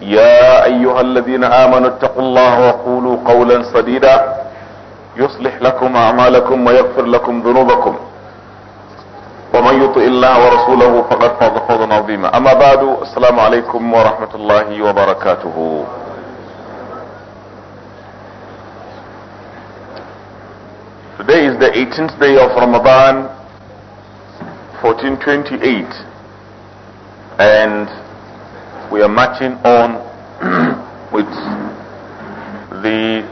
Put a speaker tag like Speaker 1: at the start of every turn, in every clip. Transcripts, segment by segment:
Speaker 1: يا ايها الذين امنوا اتقوا الله وقولوا قولا سديدا يصلح لكم اعمالكم ويغفر لكم ذنوبكم ومن يطع الله ورسوله فقد فاز فوزا عظيما اما بعد السلام عليكم ورحمة الله وبركاته Today is the 18th day of Ramadan 1428 and we are matching on with the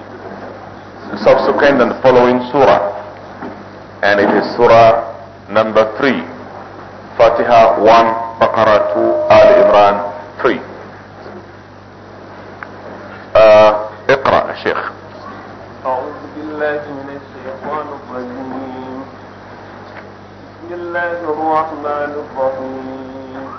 Speaker 1: subsequent and following surah. And it is surah number 3. Fatiha 1, Baqarah 2, Al Imran 3. Uh, اقرأ شيخ
Speaker 2: أعوذ بالله من الشيطان الرجيم بسم الله الرحمن الرحيم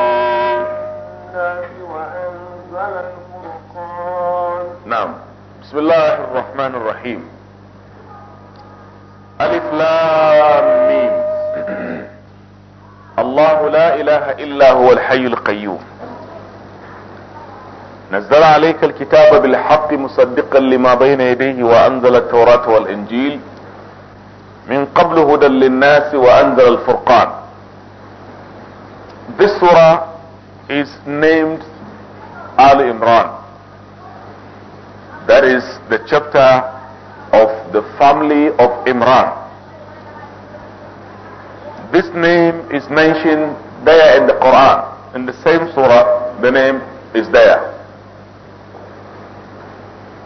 Speaker 2: الفرقان
Speaker 1: نعم بسم الله الرحمن الرحيم ألف لام ميم الله لا إله إلا هو الحي القيوم نزل عليك الكتاب بالحق مصدقا لما بين يديه وأنزل التوراة والإنجيل من قبل هدى للناس وأنزل الفرقان This surah is named Al Imran. That is the chapter of the family of Imran. This name is mentioned there in the Quran. In the same surah, the name is there.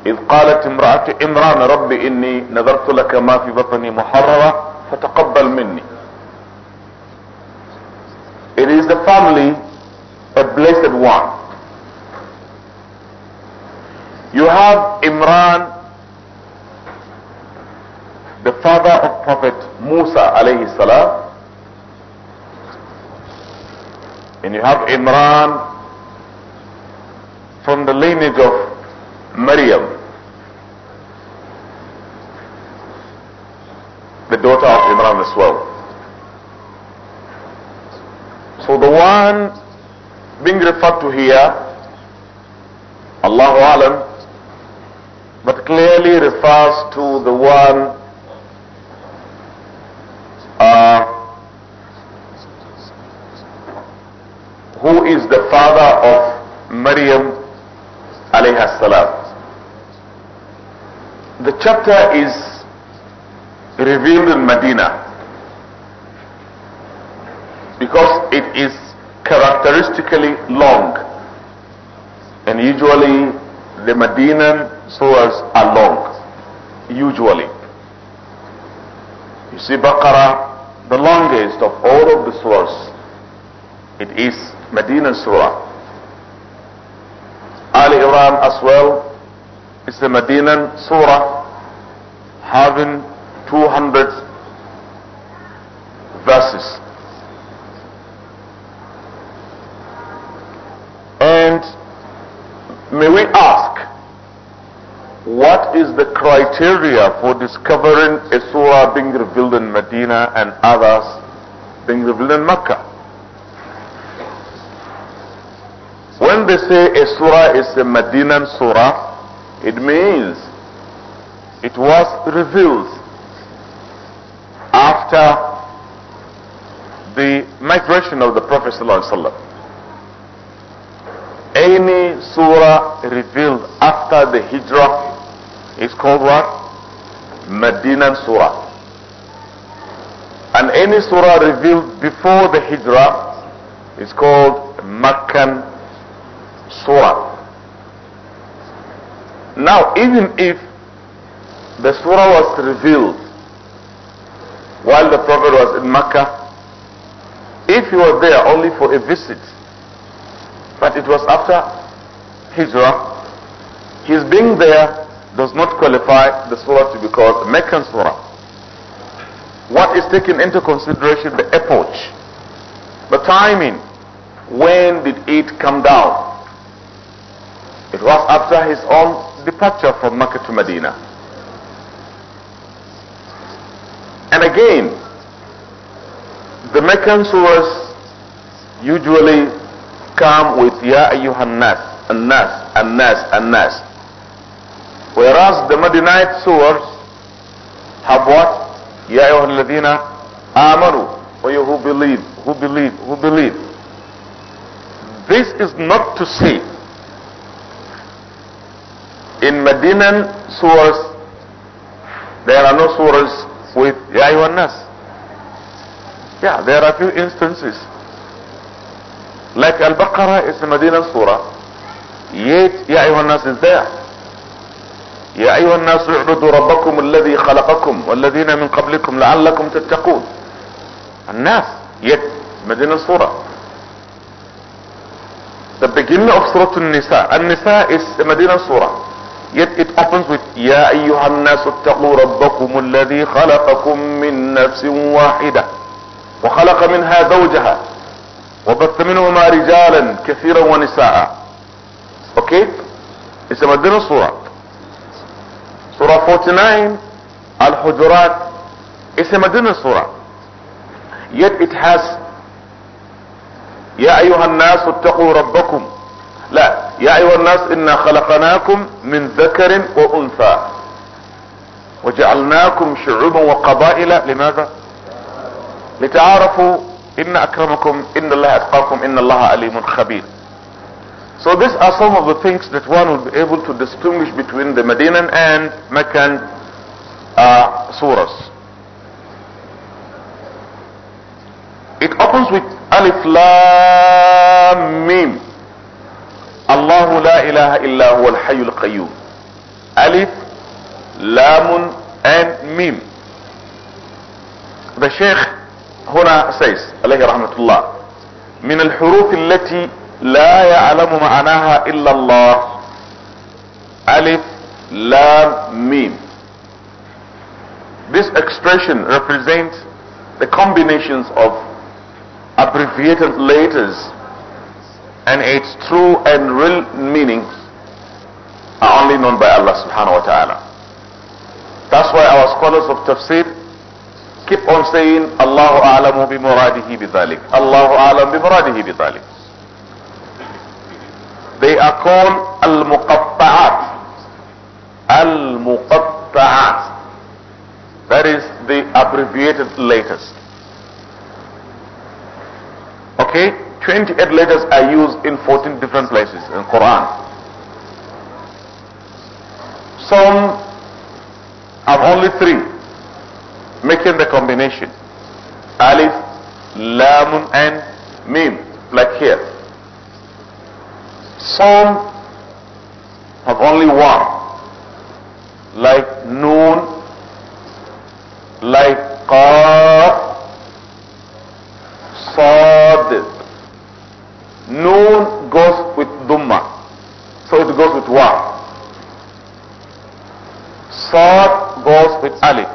Speaker 1: إذ قالت امرأة رب إني نذرت لك ما في بطني محررة فتقبل مني It is the family, a blessed one. You have Imran, the father of Prophet Musa alayhi salam. And you have Imran from the lineage of Maryam, the daughter of Imran as well. So the one being referred to here, Allahu Alam, but clearly refers to the one uh, who is the father of Maryam alayhi salam. The chapter is revealed in Medina because it is characteristically long and usually the Medinan surahs are long, usually. You see Baqarah, the longest of all of the surahs. It is Medina surah. Ali Imran as well is the Medinan surah having 200 verses. And may we ask what is the criteria for discovering a surah being revealed in Medina and others being revealed in Mecca? When they say a surah is a Medinan surah, it means it was revealed after the migration of the Prophet ﷺ. Any surah revealed after the hijrah it's called what? Madinan Surah. And any surah revealed before the Hijrah is called Makkan Surah. Now, even if the surah was revealed while the Prophet was in Makkah, if he was there only for a visit, but it was after Hijrah, his being there does not qualify the surah to be called Meccan surah. What is taken into consideration the epoch, the timing, when did it come down? It was after his own departure from Mecca to Medina. And again, the Meccan surahs usually come with Ya Ayyuhan Nas, Nas, Nas, Nas. Whereas the Madinite sewers have what? Ya أيها الذين آمنوا or you who believe, who believe, who believe. This is not to say in Medinan surahs there are no surahs with Ya Nas. Yeah, there are a few instances. Like Al-Baqarah is a Medinan surah, yet Ya Nas is there. يا ايها الناس اعبدوا ربكم الذي خلقكم والذين من قبلكم لعلكم تتقون الناس يد مدينة الصورة The beginning of سورة النساء النساء is مدينة Surah. Yet it opens with يا أيها الناس اتقوا ربكم الذي خلقكم من نفس واحدة وخلق منها زوجها وبث منهما رجالا كثيرا ونساء. Okay? It's a مدينة Surah. سورة 49 الحجرات اسم دون السورة يد اتحاس يا ايها الناس اتقوا ربكم لا يا ايها الناس انا خلقناكم من ذكر وانثى وجعلناكم شعوبا وقبائل لماذا لتعارفوا ان اكرمكم ان الله اتقاكم ان الله عليم خبير So these are some of the things that one will be able to distinguish between the Medinan and Meccan uh, surahs. It opens with Alif Lam Mim. الله لا إله إلا هو الحي القيوم ألف لام and ميم the Shaykh هنا says عليه رحمة الله من الحروف التي لا يعلم معناها إلا الله ألف لام ميم This expression represents the combinations of abbreviated letters and its true and real meanings are only known by Allah subhanahu wa ta'ala. That's why our scholars of tafsir keep on saying Allahu a'lamu bi muradihi bi Allahu alam bi muradihi bi they are called al-muqatta'at. Al-muqatta'at. That is the abbreviated letters. Okay? 28 letters are used in 14 different places in Quran. Some have only three, making the combination. Alif, Lamun and Mim, like here. Some have only one, like Noon, like Qaf, Sadiq. Noon goes with duma, so it goes with one. Sad goes with Alif.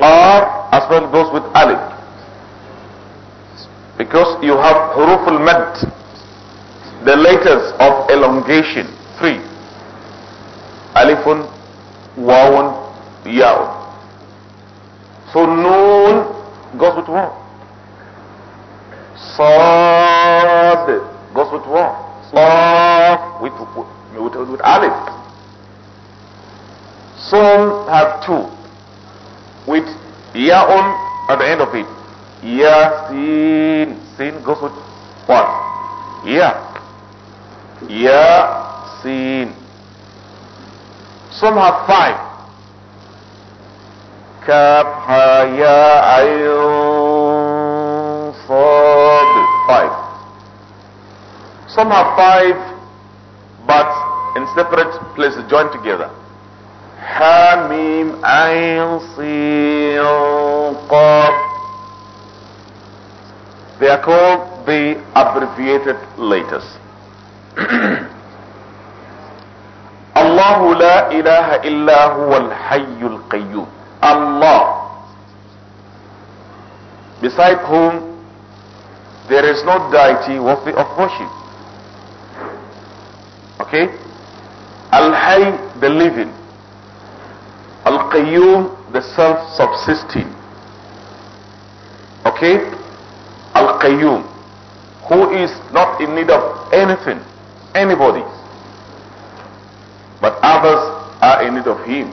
Speaker 1: Qaf as well goes with Alif. Because you have huruf al-mad, legislators third deity of worship. Okay? al hay the living. Al-Qayyum, the self-subsisting. Okay? Al-Qayyum, who is not in need of anything, anybody. But others are in need of him.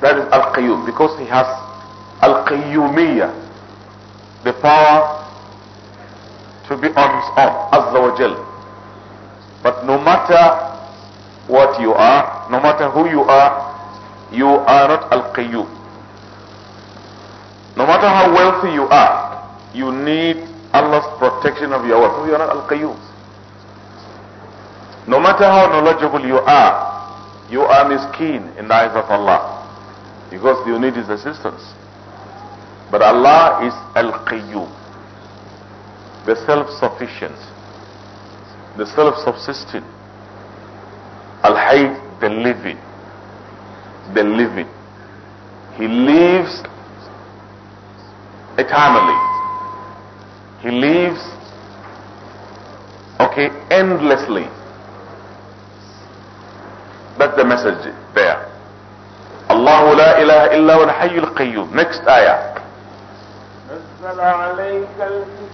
Speaker 1: That is Al-Qayyum, because he has Al-Qayyumiyah, the power to be on his own, Azza wa Jal. But no matter what you are, no matter who you are, you are not Al-Qayyum. No matter how wealthy you are, you need Allah's protection of your wealth. You are not Al-Qayyum. No matter how knowledgeable you are, you are miskin in the eyes of Allah because you need His assistance. But Allah is Al-Qayyum the self-sufficient, the self-subsisting, al-hayy, the living, the living. He lives eternally. He lives, okay, endlessly. That's the message there. الله لا إله Next ayah.
Speaker 2: أنزل عليك الكتاب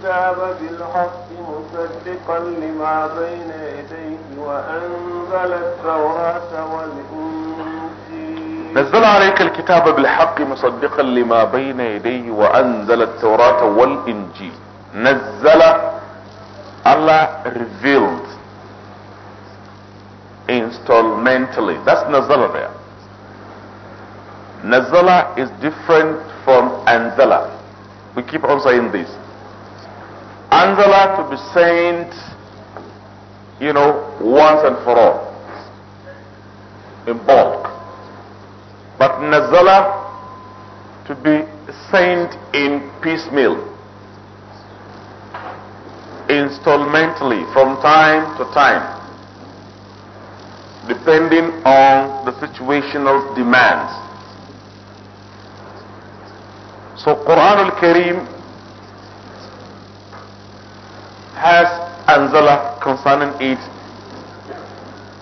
Speaker 2: بالحق مصدقا لما بين يديه وأنزل التوراة والإنجيل
Speaker 1: نزل عليك الكتاب بالحق مصدقا لما بين يديه وأنزل التوراة والإنجيل نزل Allah revealed installmentally. That's Nazala there. Nazala is different from Anzala. We keep on saying this. Angela to be saint, you know, once and for all, in bulk. But Nazala to be saint in piecemeal, installmentally, from time to time, depending on the situational demands. So Quran al-Kareem has anzala concerning it,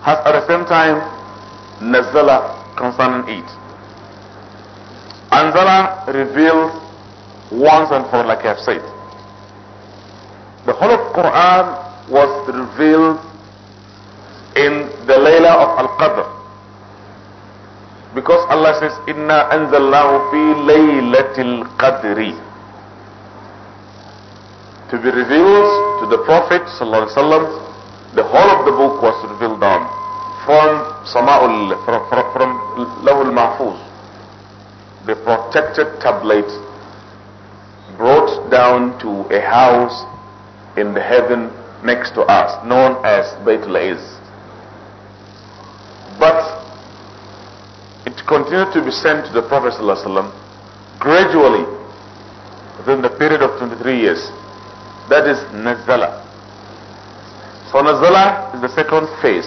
Speaker 1: has at the same time nazala concerning it. Anzala reveals once and for all, like I have said. The whole of Quran was revealed in the Layla of Al-Qadr. Because Allah says, Inna anzalnahu fi laylatil qadri. To be revealed to the Prophet sallallahu alaihi wasallam, the whole of the book was revealed on from Sama'ul, from, from, from Lawul Mahfuz, the protected tablet brought down to a house in the heaven next to us, known as Baitul continued to be sent to the Prophet ﷺ gradually within the period of 23 years. That is Nazala. So Nazala is the second phase.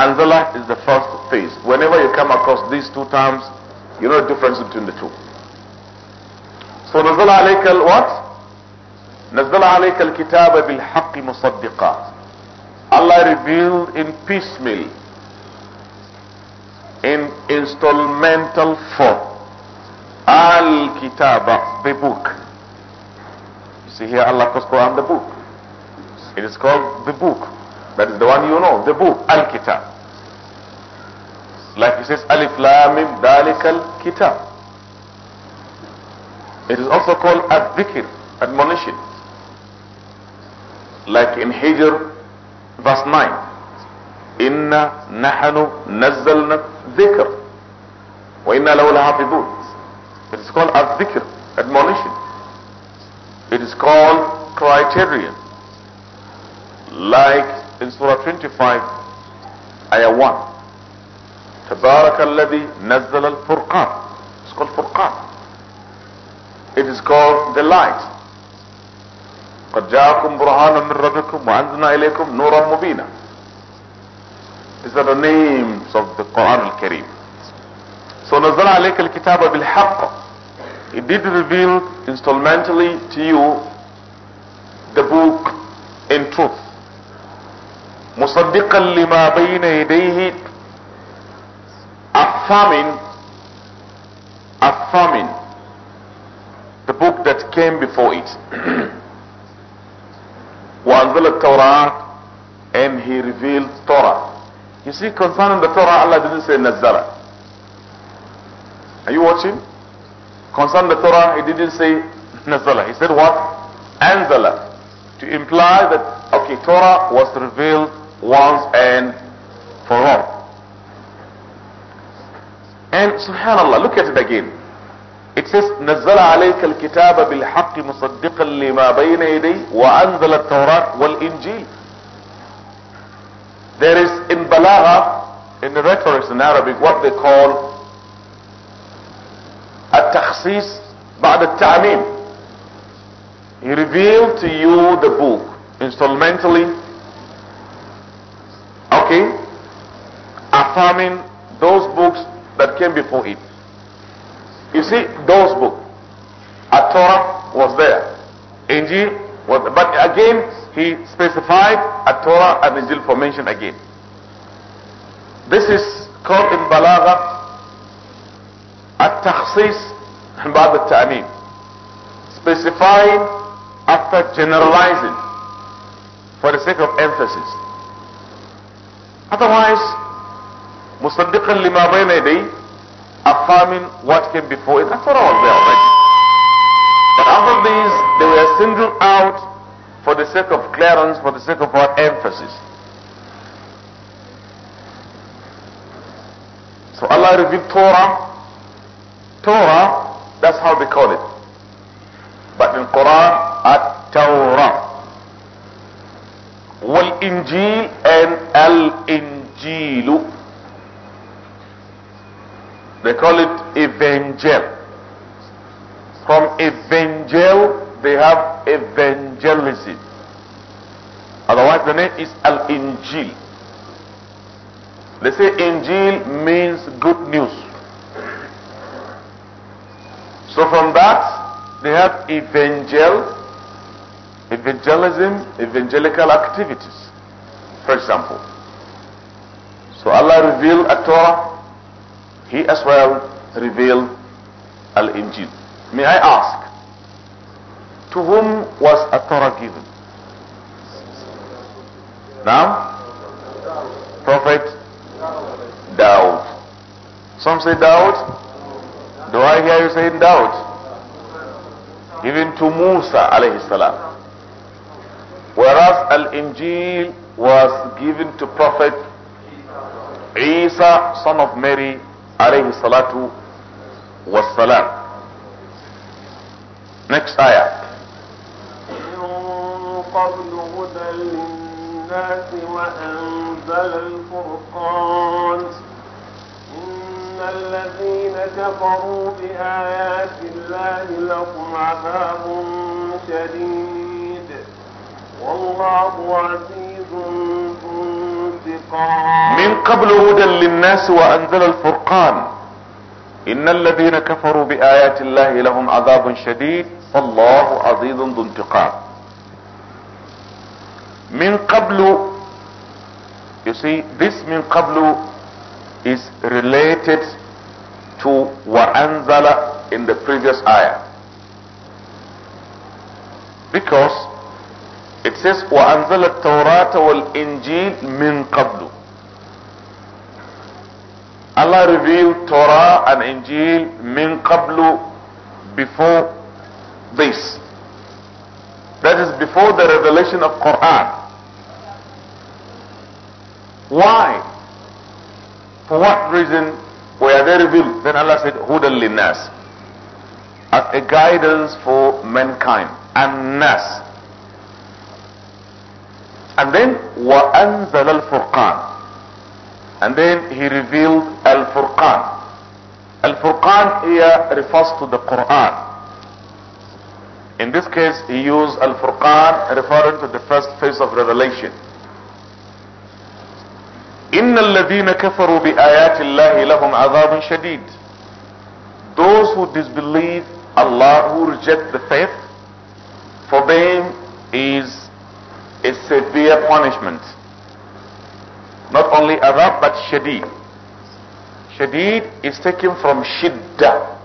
Speaker 1: Anzala is the first phase. Whenever you come across these two terms, you know the difference between the two. So Nazala alayka al what? Nazala alayka al-kitaba bil-haqqi musaddiqa. Allah revealed in piecemeal in instrumental form. Al-Kitaba, the book. You see here Allah calls Quran the book. It is called the book. That is the one you know, the book, Al-Kitab. Like it says, Alif Lamim Al Kitab. It is also called Ad-Dhikr, admonition. Like in Hijr, verse 9. Inna nahanu nazzalna الذكر وَإِنَّا لَهُ لَحَافِظُونَ It is called الذكر admonition. It is called criterion. Like in Surah 25, Ayah 1. تبارك الذي نزل الفرقان It's called فرقان It is called the light قد جاءكم برهان من ربكم وأنزلنا إليكم نورا مبينا These are the names of the Quran al-Karim. So نزل عليك الكتاب بالحق. It did reveal instrumentally to you the book in truth. مصدقا لما بين يديه affirming affirming the book that came before it. وأنزل التوراة and he revealed Torah. You see, concerning the Torah, Allah didn't say Nazara. Are you watching? Concerning the Torah, He didn't say Nazala. He said what? Anzala. To imply that, okay, Torah was revealed once and for all. And subhanallah, look at it again. It says, نزل عليك الكتاب بالحق مصدقا لما بين يديه وأنزل التوراة والإنجيل there is in balagha, in the rhetorics in Arabic, what they call التخصيص بعد التعميم He revealed to you the book instrumentally okay affirming those books that came before it you see those books a Torah was there Injil but again, he specified a Torah and Injil for mention again. This is called in Balagha التخصيص باب التأمين specifying after generalizing for the sake of emphasis otherwise مصدقا lima bayna يديه affirming what came before it that's what I was there but after these singled out for the sake of clearance, for the sake of our emphasis. So Allah revealed Torah. Torah, that's how they call it. But in Quran, at Torah. Wal Injil and Al Injilu. They call it Evangel. From Evangel they have evangelism. Otherwise, the name is Al Injil. They say Injil means good news. So from that, they have evangel, evangelism, evangelical activities. For example, so Allah revealed a Torah, He as well revealed Al Injil. May I ask, to whom was a Torah given? Now? Prophet Daud. Some say Daud. Do I hear you saying Daud? Given to Musa alayhi salam. Whereas Al-Injil was given to Prophet Isa, son of Mary alayhi salatu was salam. Next ayah.
Speaker 2: قبل هدى للناس وأنزل الفرقان إن الذين كفروا بآيات الله لهم عذاب شديد والله عزيز ذو انتقام من قبل هدى للناس
Speaker 1: وأنزل الفرقان إن الذين كفروا بآيات الله لهم عذاب شديد فالله عزيز ذو انتقام Min qablu, you see, this min qablu is related to wa anzala in the previous ayah. Because it says wa anzala tawrata wal injil min qablu. Allah revealed Torah and Injil min qablu before this. That is before the revelation of Quran. Why? For what reason were they revealed? Then Allah said, "Hudalinas," As a guidance for mankind. And nas. And then, al-Furqan, And then he revealed Al-Furqan. Al-Furqan here refers to the Quran. In this case, he used Al-Furqan referring to the first phase of revelation. إِنَّ الَّذِينَ كَفَرُوا بِآيَاتِ اللَّهِ لَهُمْ عَذَابٌ شَدِيدٌ Those who disbelieve Allah, who reject the faith, for them is a severe punishment. Not only adab, but shadid. Shadid is taken from shidda.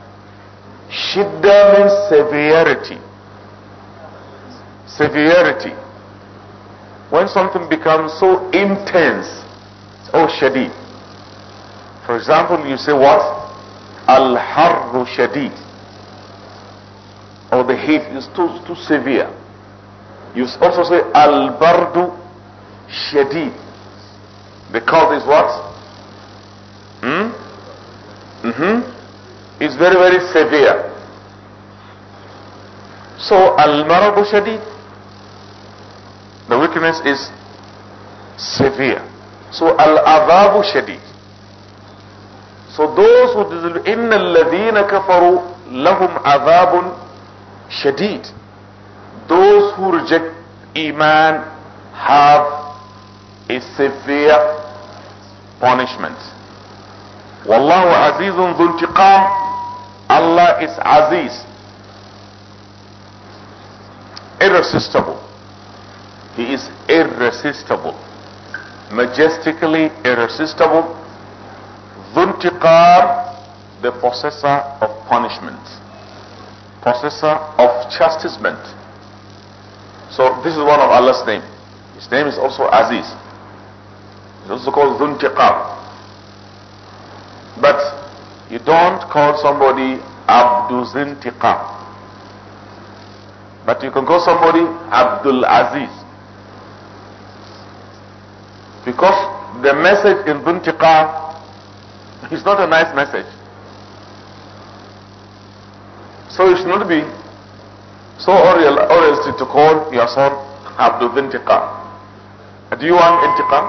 Speaker 1: Shidda means severity severity. When something becomes so intense, oh shadid. For example, you say what? Al-harru shadid. Or oh, the heat is too, too severe. You also say al-bardu shadid. The cold is what?
Speaker 2: Hmm? Mm-hmm.
Speaker 1: It's very, very severe. So, al-maradu shadid the wickedness is severe. So al-adhabu shadid. So those who disobey, إِنَّ الَّذِينَ كَفَرُوا لَهُمْ shadid. Those who reject Iman have a severe punishment. Wallahu azizun dhul Allah is aziz. Irresistible. He is irresistible, majestically irresistible. Dhuntiqar, the possessor of punishment, possessor of chastisement. So this is one of Allah's name. His name is also Aziz. It's also called Dhuntiqar. But you don't call somebody Abduzintiqar. But you can call somebody Abdul Aziz. Because the message in Buntiqa is not a nice message. So you should not be so oriented to call your son Abdul Bintiqa. Do you want intiqam?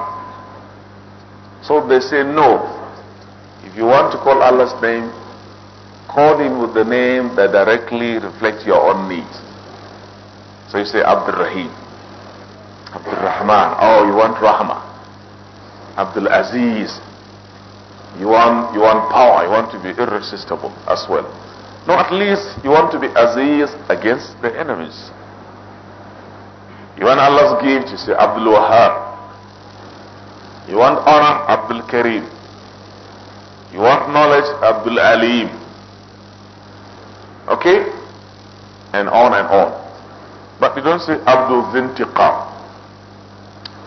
Speaker 1: So they say no. If you want to call Allah's name, call him with the name that directly reflects your own needs. So you say Abdul Rahim, Abdul Rahman. Oh, you want Rahmah. Abdul Aziz. You want, you want power, you want to be irresistible as well. No, at least you want to be Aziz against the enemies. You want Allah's gift, you say Abdul Wahab. You want honor, Abdul Karim. You want knowledge, Abdul Alim. Okay? And on and on. But you don't say Abdul Zintiqam.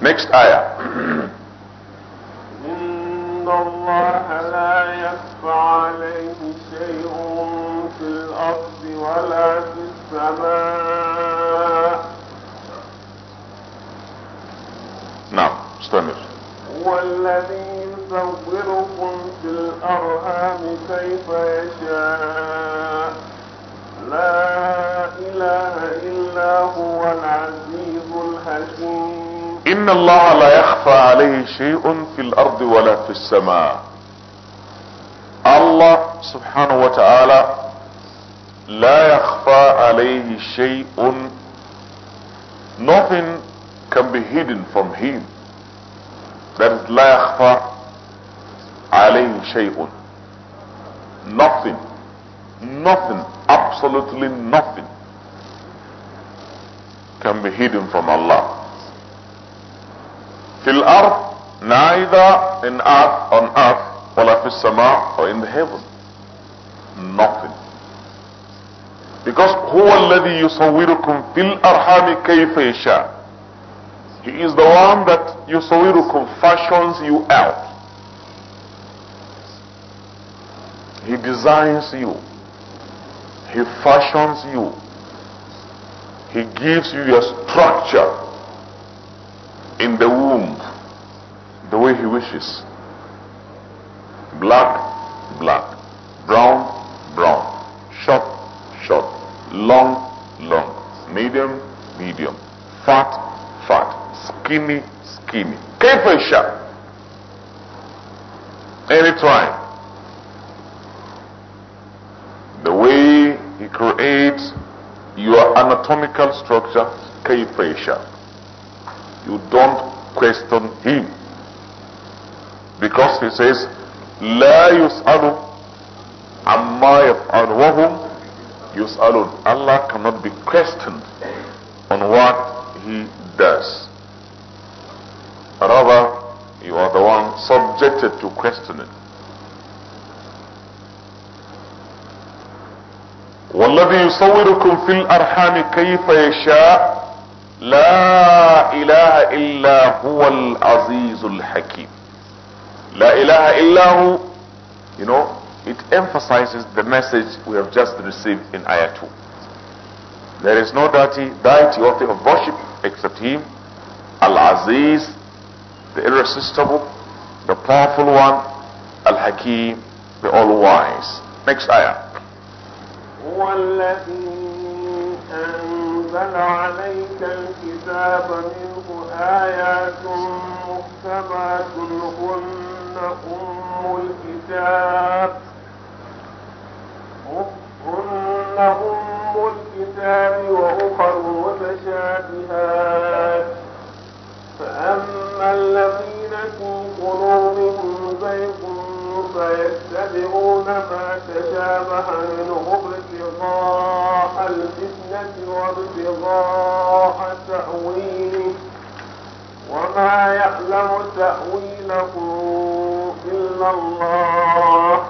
Speaker 1: Next
Speaker 2: ayah. إن الله لا يخفى عليه شيء في الأرض ولا في السماء نعم استمر هو الذي يصوركم في الأرهام كيف يشاء لا إله إلا هو العزيز الحكيم
Speaker 1: ان الله لا يخفى عليه شيء في الارض ولا في السماء الله سبحانه وتعالى لا يخفى عليه شيء nothing can be hidden from him that is لا يخفى عليه شيء nothing nothing absolutely nothing can be hidden from Allah fil ard, neither in earth, on earth, wala fis sama, or in the heaven. Nothing. Because huwa alladhi yusawwirukum fil arhami kayfa yasha. He is the one that yusawwirukum fashions you out. He designs you. He fashions you. He gives you your structure in the way he wishes. Black, black. Brown, brown. Short, short. Long, long. Medium, medium. Fat, fat. Skinny, skinny. Kingfisher. Anytime. The way he creates your anatomical structure, kingfisher. You don't question him. discussed, he says, لا يسأل عما يفعل وهم يسألون. Allah cannot be questioned on what he does. Rather, you are the one subjected to questioning. والذي يصوركم في الارحام كيف يشاء لا اله الا هو العزيز الحكيم La ilaha illahu, you know, it emphasizes the message we have just received in Ayah 2. There is no deity, deity worthy of worship except Him, Al-Aziz, the irresistible, the powerful one, Al-Hakim, the all-wise. Next
Speaker 2: ayah. أنزل عليك الكتاب منه آيات محكمات هن أم الكتاب هن أم الكتاب وأخر متشابهات فأما الذين في قلوبهم زيغ فيتبعون ما تشابه منه ابتغاء الفتنة وابتغاء تأويله وما يعلم تأويله من الله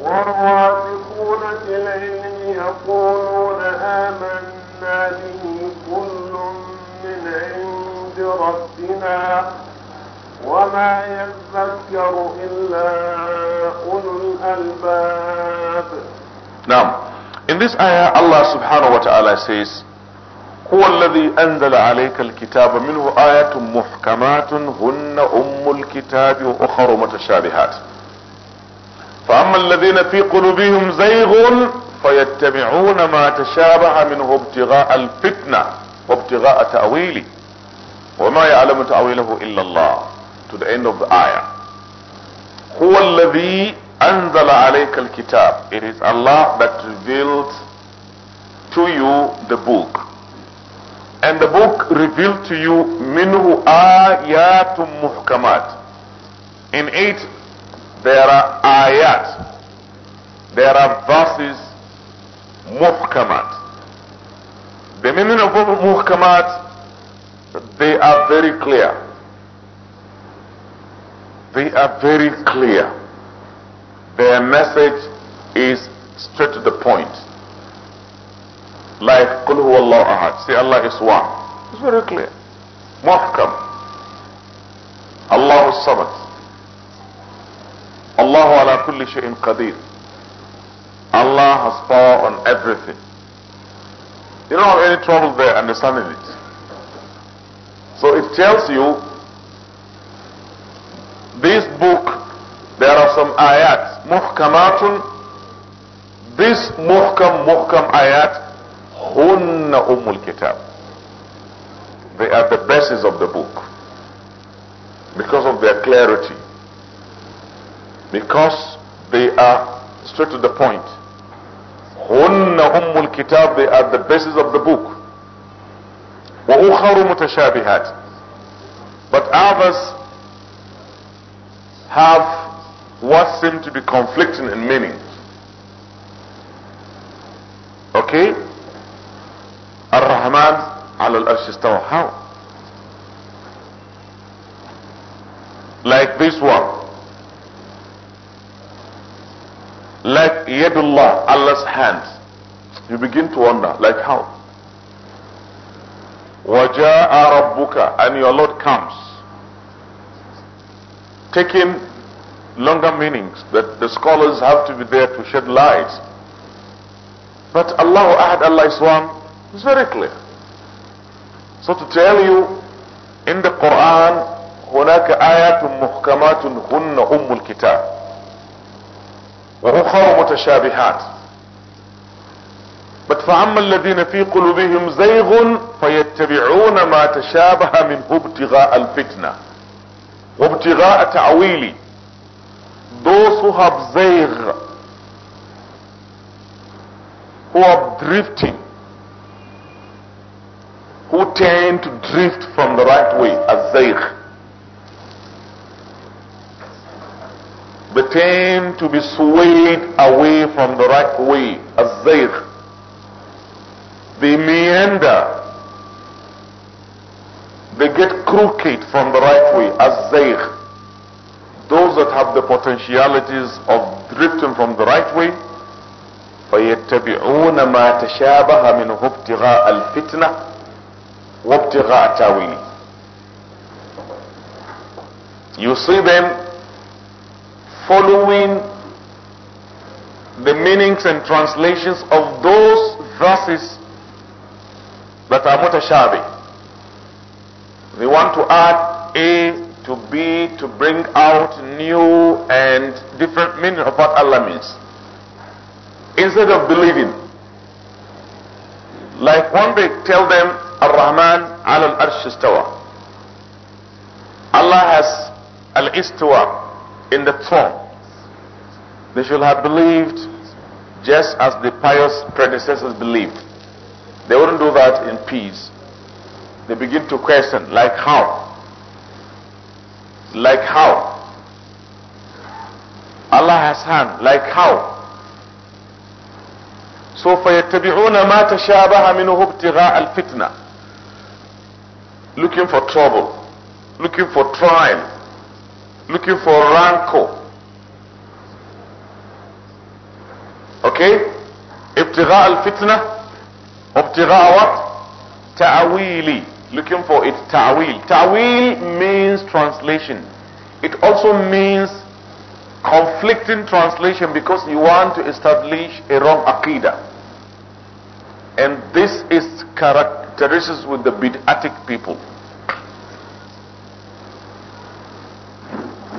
Speaker 2: والراسخون في العلم يقولون آمنا به كل من عند ربنا وما يذكر إلا أولو الألباب
Speaker 1: نعم In this ayah, Allah subhanahu wa ta'ala says, هو الذي انزل عليك الكتاب منه ايات محكمات هن ام الكتاب واخر متشابهات فاما الذين في قلوبهم زيغ فيتبعون ما تشابه منه ابتغاء الفتنه وابتغاء تاويله وما يعلم تاويله الا الله to the end of the ayah هو الذي أنزل عليك الكتاب it is Allah that revealed to you the book And the book revealed to you minhu ayatun muhkamat. In it there are ayat. There are verses muhkamat. The meaning of muhkamat, they are very clear. They are very clear. Their message is straight to the point like Qul Allah ahad, say Allah is one. It's very clear. Muhkam. Allahu Samad. Allahu ala kulli shay'in qadir. Allah has power on everything. You don't have any trouble there understanding it. So it tells you this book, there are some ayat, muhkamatun. This muhkam, muhkam ayat Hunna Ummul Kitab. They are the basis of the book because of their clarity, because they are straight to the point. Hunna Ummul Kitab, they are the basis of the book. وأخر متشابهات but others have what seem to be conflicting in meaning okay الرحمن على الأرش استوى how like this one like yadullah Allah's hands you begin to wonder like how وَجَاءَ رَبُّكَ and your Lord comes taking longer meanings that the scholars have to be there to shed light but Allah Ahad Allah is one It's very clear so to tell you in the Quran هناك آيات محكمات هن أم الكتاب وأخر متشابهات but فأما الذين في قلوبهم زيغ فيتبعون ما تشابه منه ابتغاء الفتنة وابتغاء تعويل those who have زيغ who are drifting who tend to drift from the right way, as-zayg. They tend to be swayed away from the right way, as-zayg. They meander. They get crooked from the right way, as Those that have the potentialities of drifting from the right way, فيتبعون ما تشابه منه ابتغاء الفتنه وابتغاء تاويله you see them following the meanings and translations of those verses that are mutashabih they want to add a to be to bring out new and different meaning of what Allah means instead of believing like when they tell them الرحمن على الأرش استوى. istawa. Allah has al in the throne. They should have believed just as the pious predecessors believed. They wouldn't do that in peace. They begin to question, like how? Like how? Allah has hand, like how? سوف يتبعون ما تشابه منه ابتغاء الفتنه looking for trouble, looking for trial, looking for rancor. Okay? Ibtigha al-fitna, ibtigha what? Ta'wili, looking for it. ta'wil. Ta'wil means translation. It also means conflicting translation because you want to establish a wrong aqidah. And this is character terraces with the bid'atic people.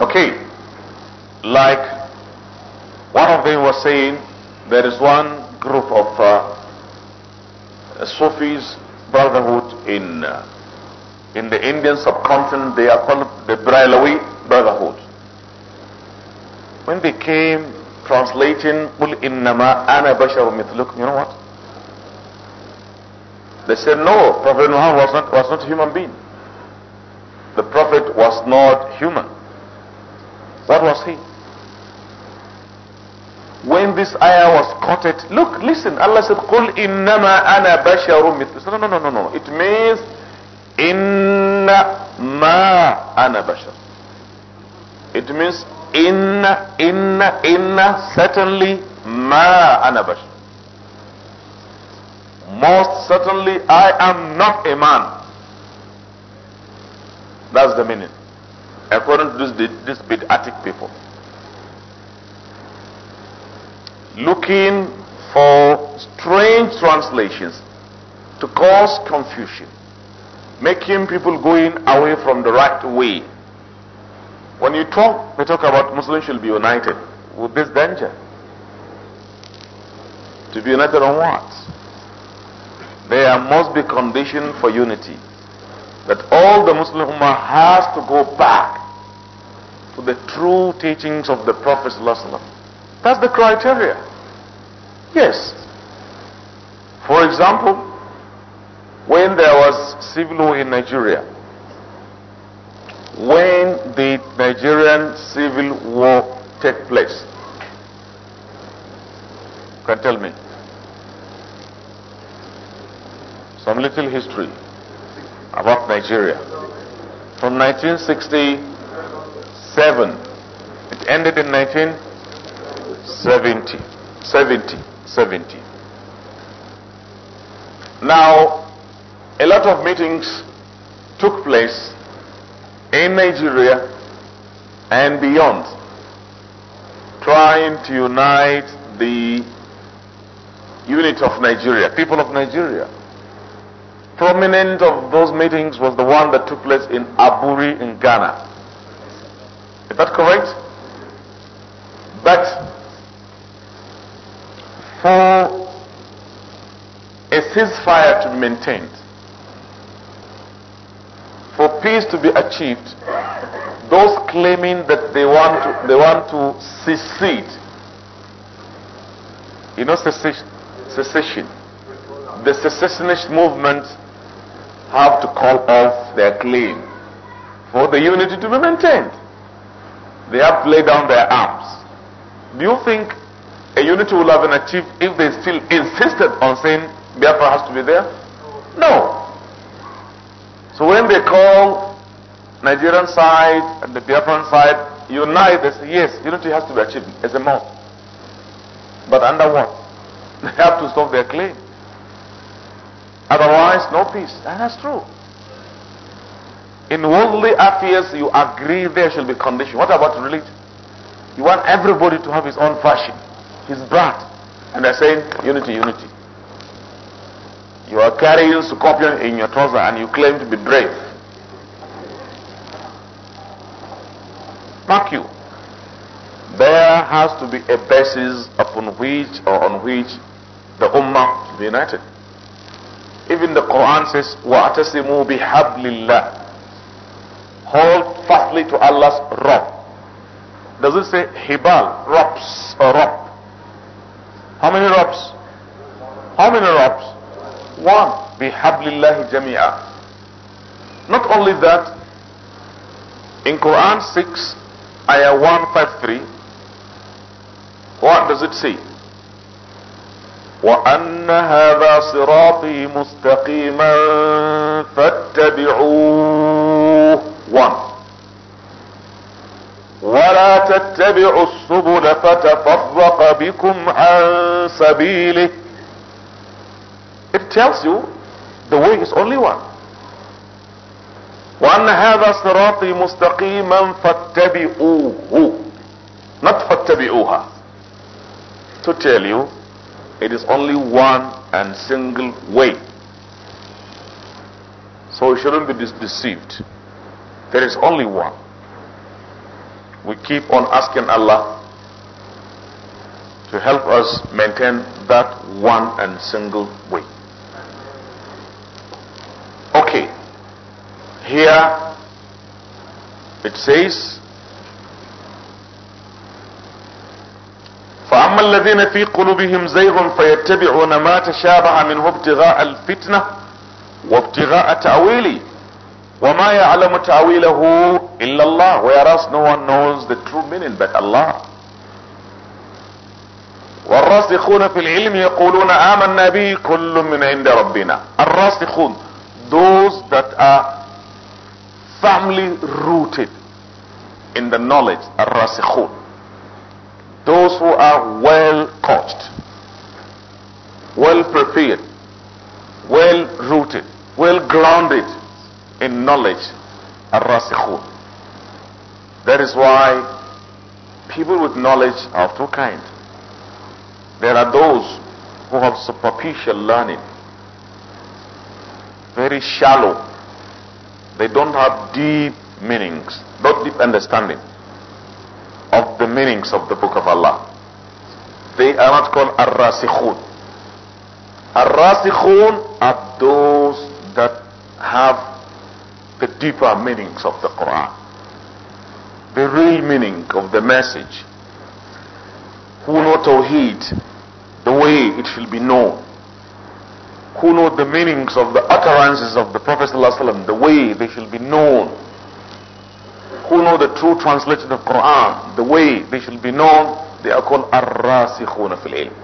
Speaker 1: Okay, like one of them was saying, there is one group of uh, Sufis brotherhood in uh, in the Indian subcontinent. They are called the Brailawi Brotherhood. When they came translating, "Qul innama ana basharun mithlukum," you know what? They said, no, Prophet Muhammad was not, was not a human being. The Prophet was not human. What was he? When this ayah was quoted, look, listen, Allah said, قُلْ إِنَّمَا أَنَا بَشَرٌ مِثْلُ No, no, no, no, no. It means, إِنَّ مَا أَنَا بَشَرٌ It means, إِنَّ, إِنَّ, إِنَّ, certainly, مَا أَنَا بَشَرٌ most certainly I am not a man. That's the meaning. According to this, this Bid'atic people. Looking for strange translations to cause confusion. Making people going away from the right way. When you talk, we talk about Muslims should be united with this danger. To be united on what? there must be condition for unity. That all the Muslim Ummah has to go back to the true teachings of the Prophet That's the criteria. Yes. For example, when there was civil war in Nigeria, when did Nigerian civil war take place? You can tell me. some little history about Nigeria. From 1967, it ended in 1970. 70, 70. Now, a lot of meetings took place in Nigeria and beyond, trying to unite the unit of Nigeria, people of Nigeria prominent of those meetings was the one that took place in Aburi in Ghana. Is that correct? But for a ceasefire to be maintained, for peace to be achieved, those claiming that they want to, they want to secede, you know, secession, the secessionist movement have to call off their claim for the unity to be maintained. They have to lay down their arms. Do you think a unity will have been achieved if they still insisted on saying Biafra has to be there? No. So when they call Nigerian side and the Biafran side unite, they say yes, unity has to be achieved. It's a must. But under what? They have to stop their claim. Otherwise, no peace. And that's true. In worldly affairs, you agree there shall be condition. What about religion? You want everybody to have his own fashion, his brand. And they're saying, unity, unity. You are carrying scorpion in your trouser and you claim to be brave. Mark you. There has to be a basis upon which or on which the Ummah should be united. Even the Quran says, وَأَتَسِمُوا بِحَبْلِ اللَّهِ Hold fastly to Allah's rope. Does it say hibal, ropes or rope? How many ropes? How many ropes? One. بِحَبْلِ jami'a. Not only that, in Quran 6, ayah 153, what does it say? وأن هذا صراطي مستقيما فاتبعوه وان ولا تتبعوا السبل فتفرق بكم عن سبيله It tells you the way is only one وأن هذا صراطي مستقيما فاتبعوه not فاتبعوها to tell you It is only one and single way. So we shouldn't be deceived. There is only one. We keep on asking Allah to help us maintain that one and single way. Okay. Here it says فاما الذين في قلوبهم زيغ فيتبعون ما تشابه منه ابتغاء الفتنه وابتغاء تاويله وما يعلم تاويله الا الله whereas no one knows the true meaning but Allah والراسخون في العلم يقولون آمنا به كل من عند ربنا الراسخون those that are firmly rooted in the knowledge الراسخون Those who are well coached, well prepared, well rooted, well grounded in knowledge, ar-rasikhun. That is why people with knowledge are of two kinds. There are those who have superficial learning, very shallow. They don't have deep meanings, not deep understanding of the meanings of the book of Allah. They are not called Ar-Rasikhun. Ar-Rasikhun are those that have the deeper meanings of the Quran. The real meaning of the message. Who know Tawheed the way it should be known. Who know the meanings of the utterances of the Prophet ﷺ, the way they should be known who know the true translation of Quran, the way they should be known, they are called Ar-Rasikhuna fil ilm.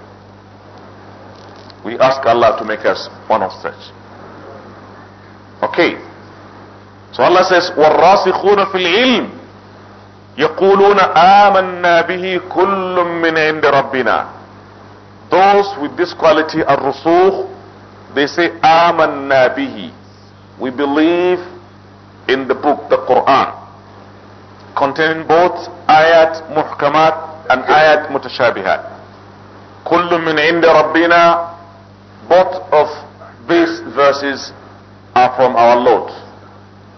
Speaker 1: We ask Allah to make us one of such. Okay. So Allah says, وَالرَّاسِخُونَ فِي الْعِلْمِ يَقُولُونَ آمَنَّا بِهِ كُلٌّ مِّنْ عِنْدِ رَبِّنَا Those with this quality are rusukh, they say آمَنَّا بِهِ We believe in the book, the Quran containing both ayat muhkamat and ayat mutashabihat. Kullu min inda rabbina, both of these verses are from our Lord.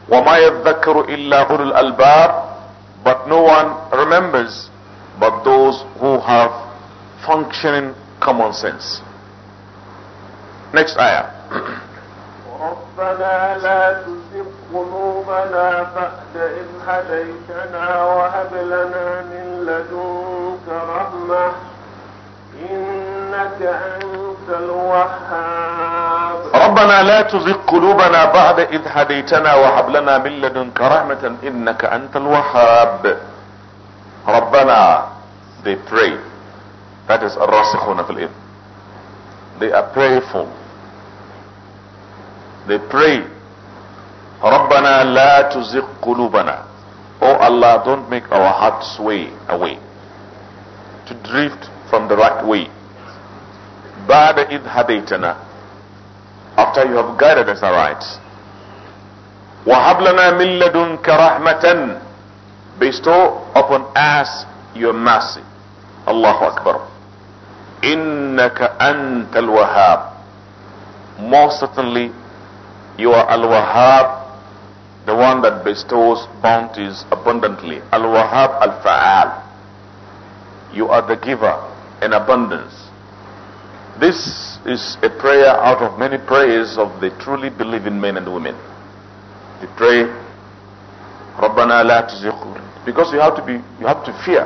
Speaker 1: وَمَا يَذَّكَّرُ إِلَّا أُولُو الْأَلْبَابِ But no one remembers but those who have functioning common sense. Next ayah.
Speaker 2: ربنا لا تزغ قلوبنا بعد إذ هديتنا وهب لنا من لدنك رحمة إنك أنت الوهاب
Speaker 1: ربنا لا تزغ قلوبنا بعد إذ هديتنا وهب لنا من لدنك رحمة إنك أنت الوهاب ربنا they pray that is الراسخون في الإذن they are prayerful They pray, رَبَّنَا لَا تُزِغْ قُلُوبَنَا Oh Allah, don't make our hearts sway away, to drift from the right way. بعد إذ هديتنا After you have guided us aright. وَهَبْ لَنَا مِن لَدُنْكَ رَحْمَةً Bestow upon us your mercy. Allahu Akbar. إِنَّكَ أَنْتَ الْوَهَابِ Most certainly You are Al-Wahhab, the one that bestows bounties abundantly. Al-Wahhab Al-Fa'al. You are the giver in abundance. This is a prayer out of many prayers of the truly believing men and women. They pray, رَبَّنَا لَا Because you have to be, you have to fear.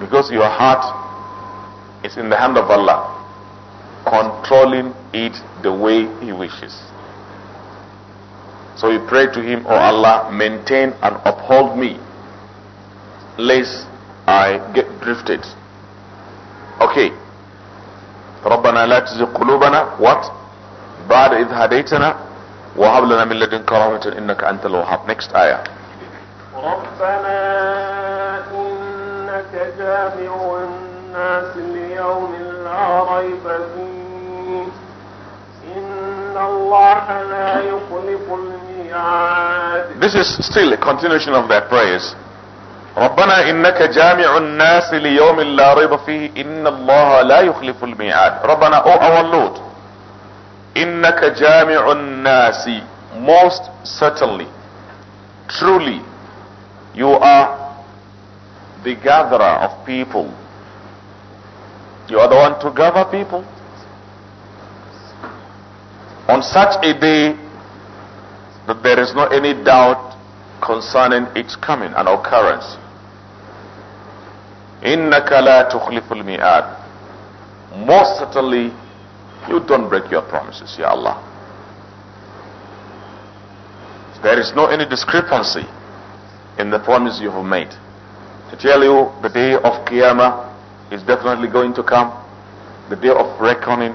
Speaker 1: Because your heart is in the hand of Allah controlling it the way he wishes. So he prayed to him, O oh Allah, maintain and uphold me, lest I get drifted. Okay. ربنا لا تزغ قلوبنا what بعد إذ هديتنا وهب لنا من لدنك رحمة إنك أنت الوهاب next آية ربنا
Speaker 2: إنك جامع الناس ليوم لا ريب فيه
Speaker 1: this is still a continuation of their prayers. ربنا إنك جامع الناس ليوم لا ريب فيه إن الله لا يخلف الميعاد ربنا O our Lord إنك جامع الناس most certainly truly you are the gatherer of people you are the one to gather people on such a day that there is no any doubt concerning its coming and occurrence. إِنَّكَ لَا تُخْلِفُ mi'ad, Most certainly, you don't break your promises, Ya Allah. There is no any discrepancy in the promise you have made. To tell you, the day of Qiyamah is definitely going to come. The day of reckoning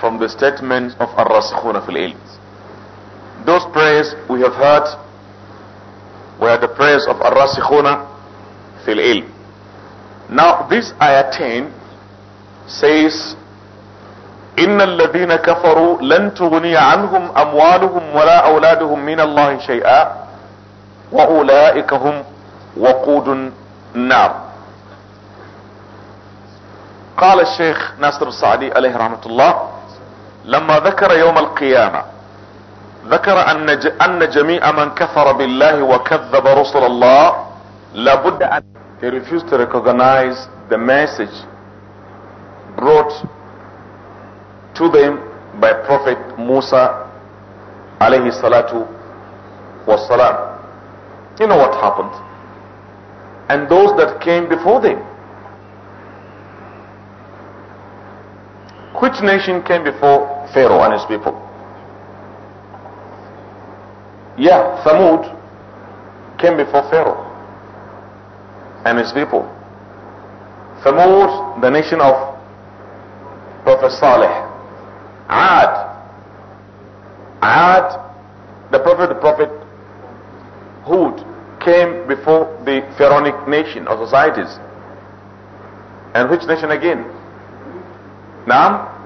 Speaker 1: from the statement of Ar-Rasikhuna fil ilm. Those prayers we have heard were the prayers of Ar-Rasikhuna fil ilm. Now this ayah 10 says إن الذين كفروا لن تغني عنهم أموالهم ولا أولادهم من الله شيئا وأولئك هم وقود النار قال الشيخ ناصر السعدي عليه رحمة الله لما ذكر يوم القيامة ذكر ان ان جميع من كفر بالله وكذب رسل الله لابد ان he refused to recognize the message brought to them by prophet موسى عليه الصلاة والسلام you know what happened and those that came before them which nation came before Pharaoh and his people. Yeah, Thamud came before Pharaoh and his people. Thamud, the nation of Prophet Saleh. Ad. Ad, the prophet, the prophet Hud came before the Pharaonic nation or societies. And which nation again? Now,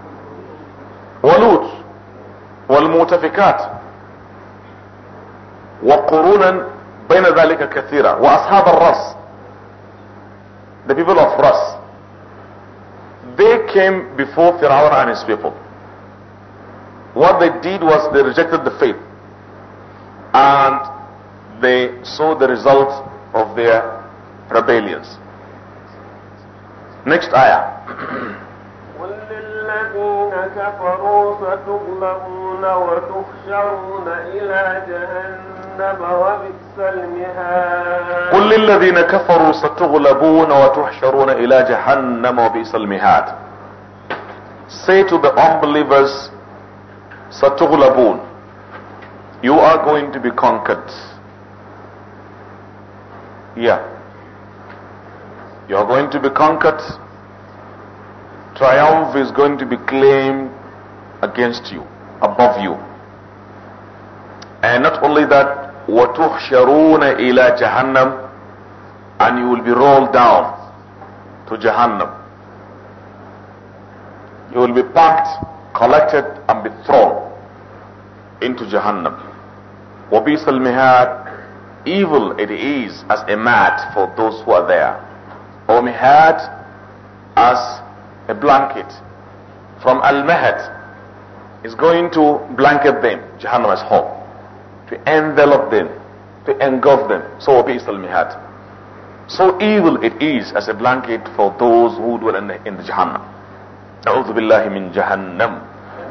Speaker 1: ولوط والمتفكات وقرونا بين ذلك كثيرة وأصحاب الرأس the people of Ras they came before Pharaoh and his people what they did was they rejected the faith and they saw the results of their rebellions next ayah الذين كفروا فتغلبون وتخشرون إلى
Speaker 2: جهنم وبئس المهاد قل للذين
Speaker 1: كفروا ستغلبون وتحشرون إلى جهنم وبئس المهاد Say to the unbelievers Satughlabun, You are going to be conquered Yeah You are going to be conquered triumph is going to be claimed against you, above you. And not only that, وَتُحْشَرُونَ إِلَى جَهَنَّمْ And you will be rolled down to Jahannam. You will be packed, collected, and be thrown into Jahannam. وَبِيسَ الْمِهَادِ Evil it is as a mat for those who are there. Or as a blanket from al mahat is going to blanket them, Jahannam home, to envelop them, to engulf them. So is al So evil it is as a blanket for those who dwell in the, in the Jahannam. أعوذ بالله من جهنم.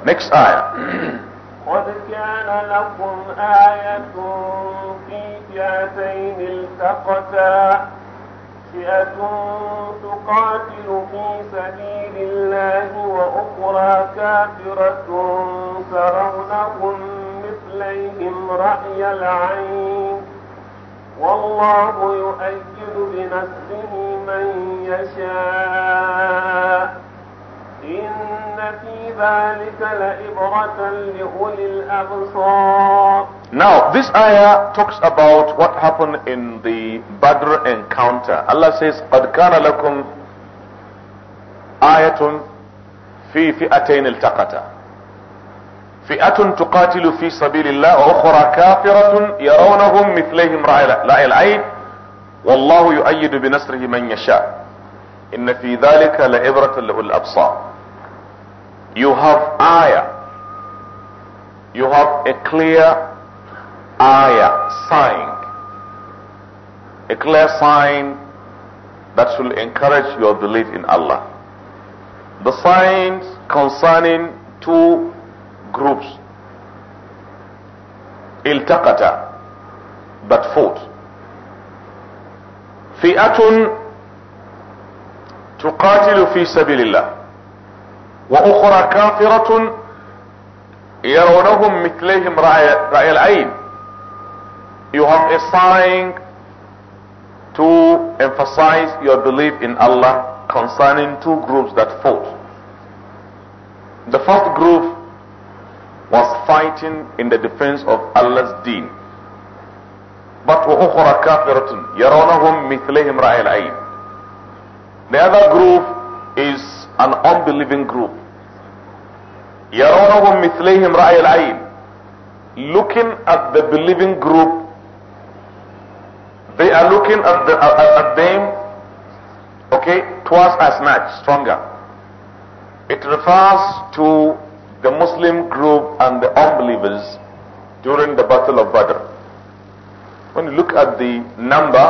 Speaker 1: Next ayah. قد كان لكم آية
Speaker 2: في فئتين التقتا فئة تقاتل في سبيل الله وأخرى كافرة ترونهم مثليهم رأي العين والله يؤيد بنفسه من يشاء إن في ذلك لعبرة لأولي الأبصار Now,
Speaker 1: this ayah talks about what happened in the Badr encounter. Allah says, قَدْ كَانَ لَكُمْ آيَةٌ فِي فِئَتَيْنِ الْتَقَتَ فئة تقاتل في سبيل الله وأخرى كافرة يرونهم مثليهم رأي العين والله يؤيد بنصره من يشاء إن في ذلك لعبرة للأبصار You have ayah You have a clear ayah, sign, a clear sign that should encourage your belief in Allah. The signs concerning two groups, iltaqata, but fought. فئة تقاتل في سبيل الله واخرى كافرة يرونهم مثليهم رأي, رأي العين you have assigned to emphasize your belief in Allah concerning two groups that fought. The first group was fighting in the defense of Allah's deen. But The other group is an unbelieving group. Looking at the believing group they are looking at, the, at, at them, okay, twice as much, stronger. It refers to the Muslim group and the unbelievers during the Battle of Badr. When you look at the number,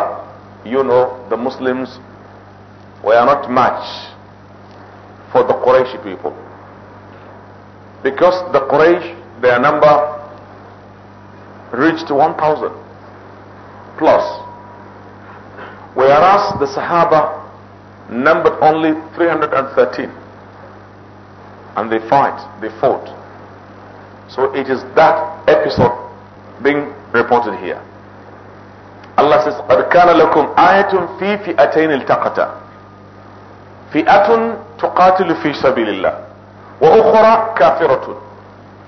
Speaker 1: you know the Muslims were not much for the Quraysh people. Because the Quraysh, their number reached 1,000 plus. Whereas the Sahaba numbered only 313. And they fight, they fought. So it is that episode being reported here. Allah says, قَدْ كَانَ لَكُمْ آيَةٌ فِي فِئَتَيْنِ الْتَقَتَ فِئَةٌ تُقَاتِلُ فِي سَبِيلِ اللَّهِ وَأُخْرَى كَافِرَةٌ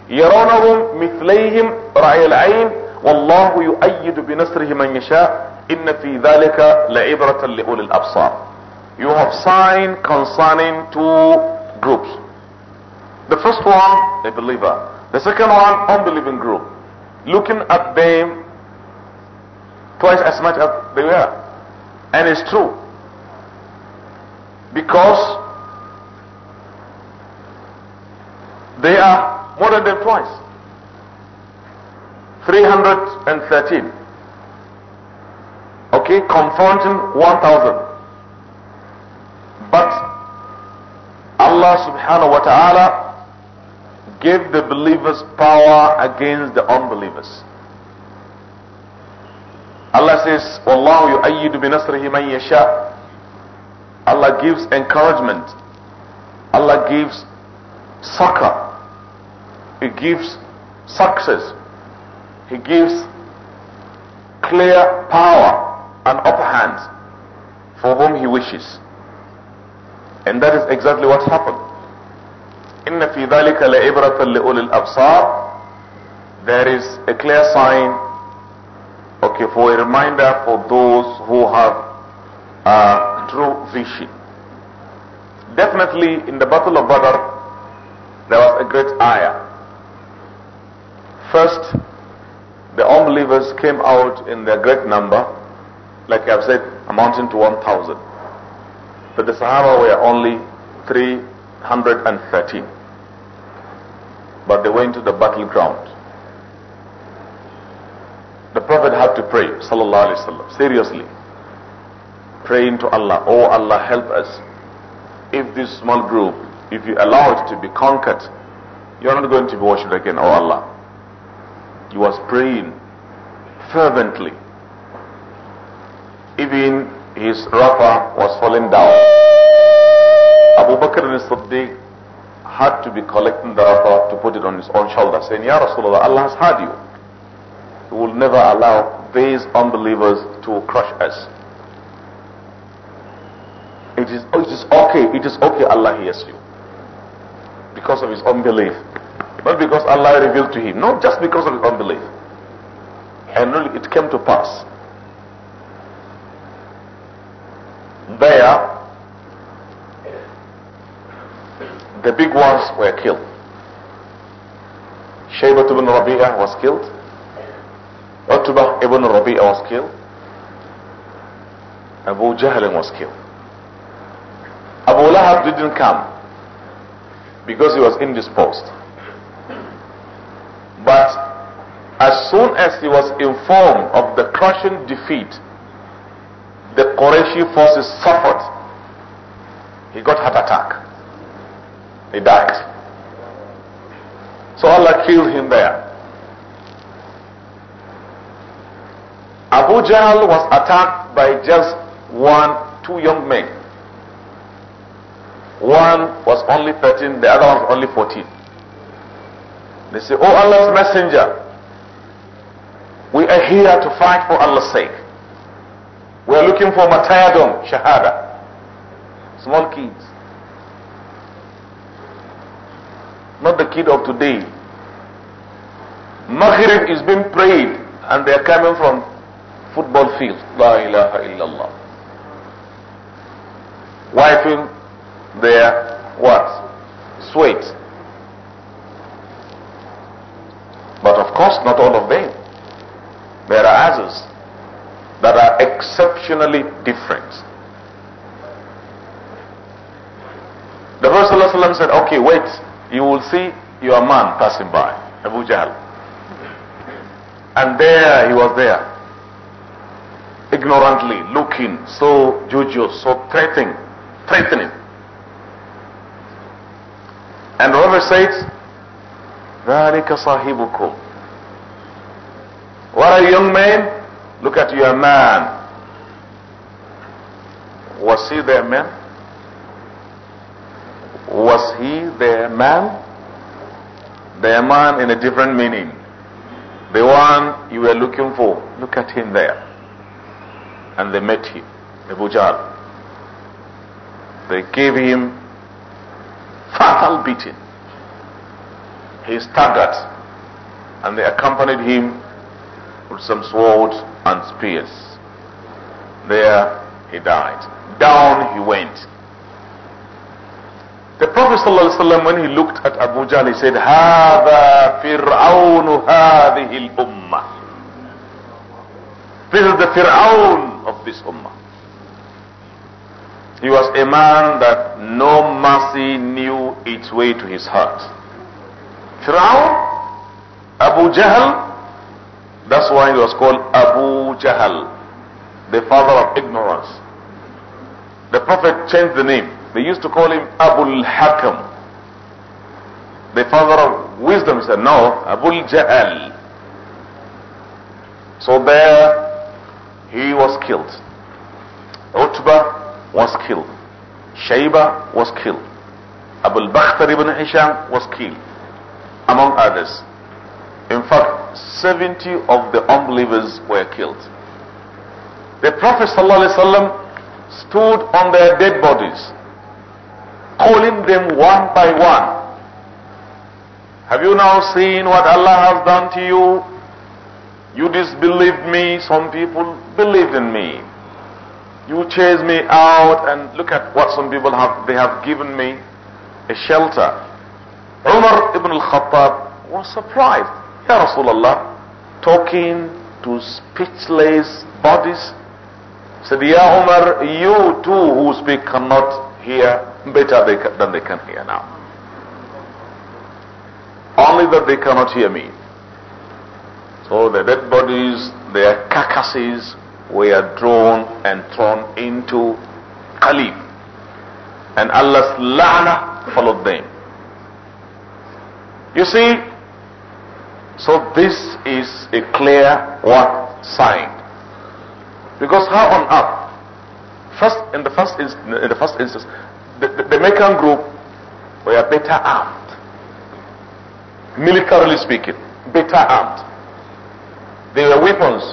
Speaker 1: يَرَوْنَهُمْ مِثْلَيْهِمْ رَعِيَ الْعَيْنِ وَاللَّهُ يُؤَيِّدُ بِنَصْرِهِ مَنْ يَشَاءُ إن في ذلك لعبرة لأولي الأبصار you have signed concerning two groups the first one a believer the second one unbelieving group looking at them twice as much as they were and it's true because they are more than them twice 313 Okay, confronting 1,000. But Allah subhanahu wa ta'ala gave the believers power against the unbelievers. Allah says, Wallahu yu'ayyidu man yasha. Allah gives encouragement. Allah gives succor. He gives success. He gives clear power an upper hand for whom he wishes. And that is exactly what happened. إن في ذلك لعبرة لأولي الأبصار There is a clear sign, okay, for a reminder for those who have a uh, true vision. Definitely in the Battle of Badr, there was a great ayah. First, the unbelievers came out in their great number like I've said, amounting to 1,000. But the Sahaba were only 313. But they went to the battleground. The Prophet had to pray, sallallahu alaihi wasallam, seriously, praying to Allah, "Oh Allah, help us. If this small group, if you allow it to be conquered, you are not going to be worshipped again, oh Allah." He was praying fervently even his rafa was falling down. Abu Bakr al-Siddiq had to be collecting the rafa to put it on his own shoulder, saying, Ya Rasulullah, Allah has heard you. He will never allow these unbelievers to crush us. It is, oh, it is okay, it is okay Allah hears you. Because of his unbelief. Not because Allah revealed to him. No, just because of his unbelief. And really it came to pass There, the big ones were killed. Shaybat ibn Rabi'ah was killed. Utbah ibn Rabi'ah was killed. Abu Jahl was killed. Abu Lahab didn't come because he was indisposed. But as soon as he was informed of the crushing defeat the Quraishi forces suffered. He got heart attack. He died. So Allah killed him there. Abu Jahl was attacked by just one, two young men. One was only 13, the other one was only 14. They say, Oh Allah's messenger, we are here to fight for Allah's sake. We're looking for matayadom, shahada. Small kids. Not the kid of today. Maghrib is being prayed and they are coming from football field. La ilaha illallah. Wiping their what? Sweat. But of course, not all of them. There are others that are exceptionally different. The Prophet said, okay, wait, you will see your man passing by, Abu Jahl. And there he was there, ignorantly looking, so jujus, so threatening, threatening. And the Prophet says, ذلك صاحبكم. What a young man!'" Look at your man. Was he their man? Was he their man? Their man in a different meaning. The one you were looking for. Look at him there. And they met him, Abu bujal They gave him fatal beating. He staggered and they accompanied him with some swords and spears. There he died. Down he went. The Prophet ﷺ, when he looked at Abu Jahl, he said, هَذَا فِرْعَوْنُ هَذِهِ الْأُمَّةِ This is the Fir'aun of this Ummah. He was a man that no mercy knew its way to his heart. Fir'aun, Abu Jahl, that's why he was called Abu Jahl, the father of ignorance. The Prophet changed the name. They used to call him Abu Hakam, the father of wisdom. He said, No, Abu Jahl. So there he was killed. Utbah was killed. Shayba was killed. Abu Bakhtar ibn Hisham was killed, among others. In fact, 70 of the unbelievers were killed. The Prophet ﷺ stood on their dead bodies, calling them one by one. Have you now seen what Allah has done to you? You disbelieved me, some people believed in me. You chased me out and look at what some people have, they have given me a shelter. Umar ibn al-Khattab was surprised. Ya Rasulullah, talking to speechless bodies. Said, Ya Umar, you too who speak cannot hear better they than they can hear now. Only that they cannot hear me. So the dead bodies, their carcasses were drawn and thrown into Khalif. And Allah's la'na followed them. You see, so this is a clear what sign. Because how on earth? First, in the first, in the first instance, the, the, the group were better armed, militarily speaking, better armed. Their weapons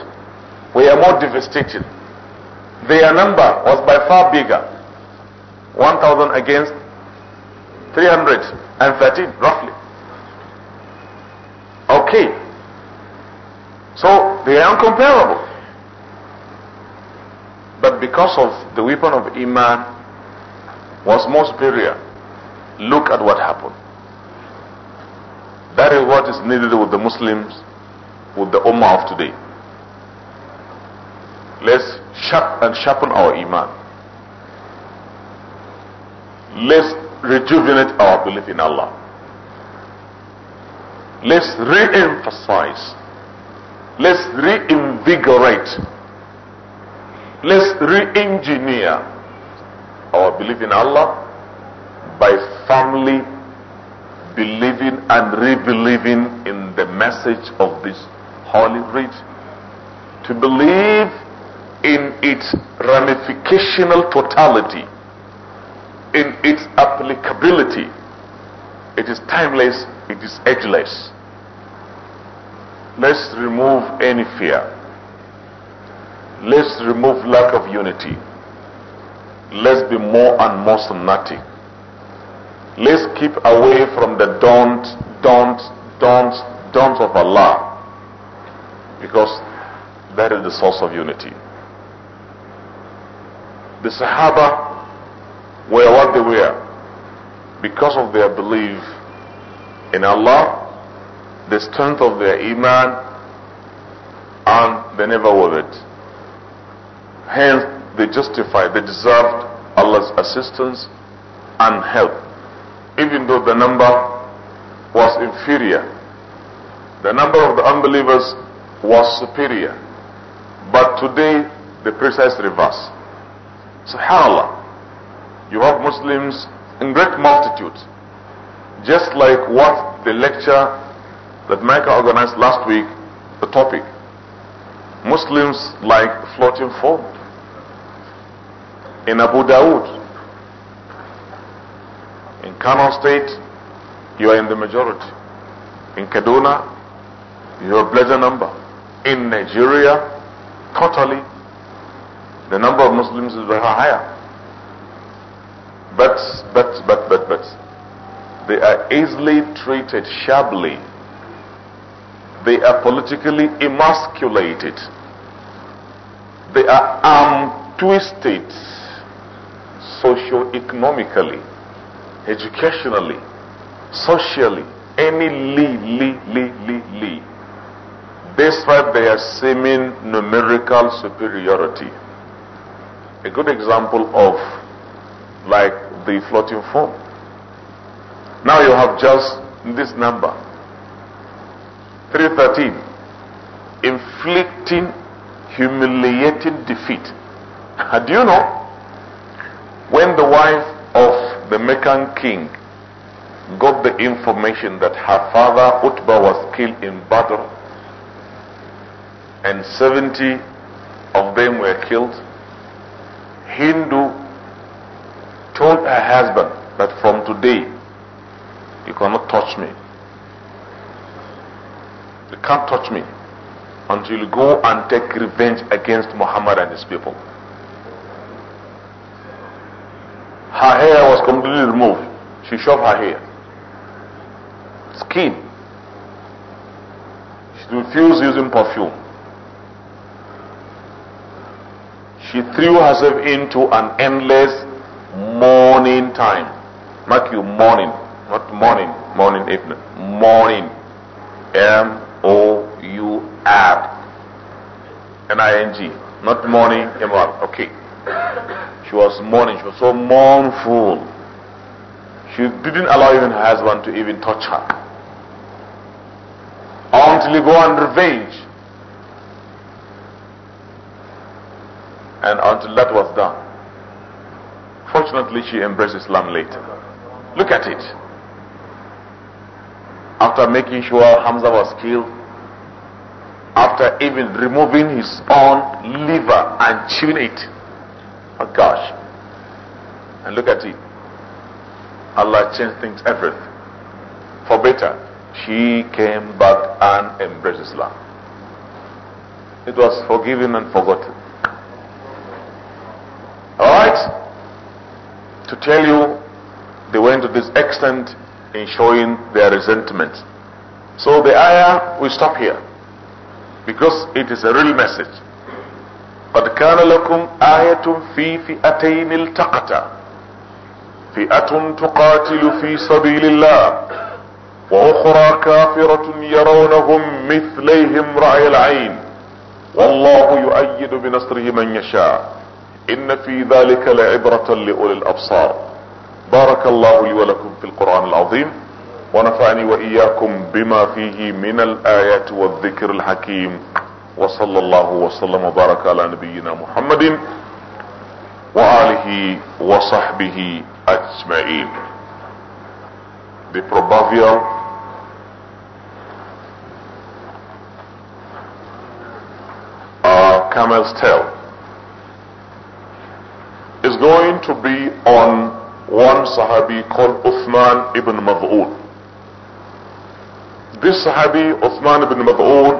Speaker 1: were more devastating. Their number was by far bigger, 1,000 against 313 roughly. Okay. So they are incomparable. But because of the weapon of Iman was more superior, look at what happened. That is what is needed with the Muslims, with the Ummah of today. Let's sharp and sharpen our Iman. Let's rejuvenate our belief in Allah. Let's re-emphasize. Let's reinvigorate. Let's re-engineer our belief in Allah by firmly believing and re-believing in the message of this holy writ. To believe in its ramificational totality, in its applicability it is timeless. It is ageless. Let's remove any fear. Let's remove lack of unity. Let's be more and more synaptic. Let's keep away from the don't, don't, don't, don't of Allah. Because that is the source of unity. The Sahaba were what they were because of their belief in Allah, the strength of their Iman, and they never were it. Hence, they justified, they deserved Allah's assistance and help, even though the number was inferior. The number of the unbelievers was superior. But today, the precise reverse. SubhanAllah. You have Muslims in great multitudes. Just like what the lecture that Micah organized last week, the topic. Muslims like floating foam. In Abu Dawood, in Kano State, you are in the majority. In Kaduna, you are a larger number. In Nigeria, totally, the number of Muslims is very higher. But, but, but, but, but. They are easily treated shabbily. They are politically emasculated. They are arm twisted socio-economically, educationally, socially, any li, li, li, li, li. Despite their seeming numerical superiority. A good example of like the floating foam. Now you have just this number 313 inflicting humiliating defeat. Do you know when the wife of the Meccan king got the information that her father Utbah was killed in battle and 70 of them were killed, Hindu told her husband that from today you cannot touch me. You can't touch me until you go and take revenge against Muhammad and his people. Her hair was completely removed. She shaved her hair. Skin. She refused using perfume. She threw herself into an endless morning time. Mark you morning, not morning, morning evening, morning. M O U R N I N G, not morning, M R. Okay. She was mourning, she was so mournful. She didn't allow even her husband to even touch her. Until he go on revenge. And until that was done. Unfortunately, she embraced Islam later. Look at it. After making sure Hamza was killed, after even removing his own liver and chewing it. Oh gosh. And look at it. Allah changed things, everything. For better. She came back and embraced Islam. It was forgiven and forgotten. to tell you they went to this extent in showing their resentment. So the ayah will stop here because it is a real message. قد كان لكم آية في فئتين التقتا فئة تقاتل في سبيل الله وأخرى كافرة يرونهم مثليهم رأي العين والله يؤيد بنصره من يشاء ان في ذلك لعبرة لاولي الابصار بارك الله لي ولكم في القرآن العظيم ونفعني واياكم بما فيه من الايات والذكر الحكيم وصلى الله وسلم وبارك على نبينا محمد وآله وصحبه اجمعين The proverbial uh, camel's tail is going to be on one Sahabi called Uthman ibn Maf'ud. This Sahabi, Uthman ibn Maf'ud,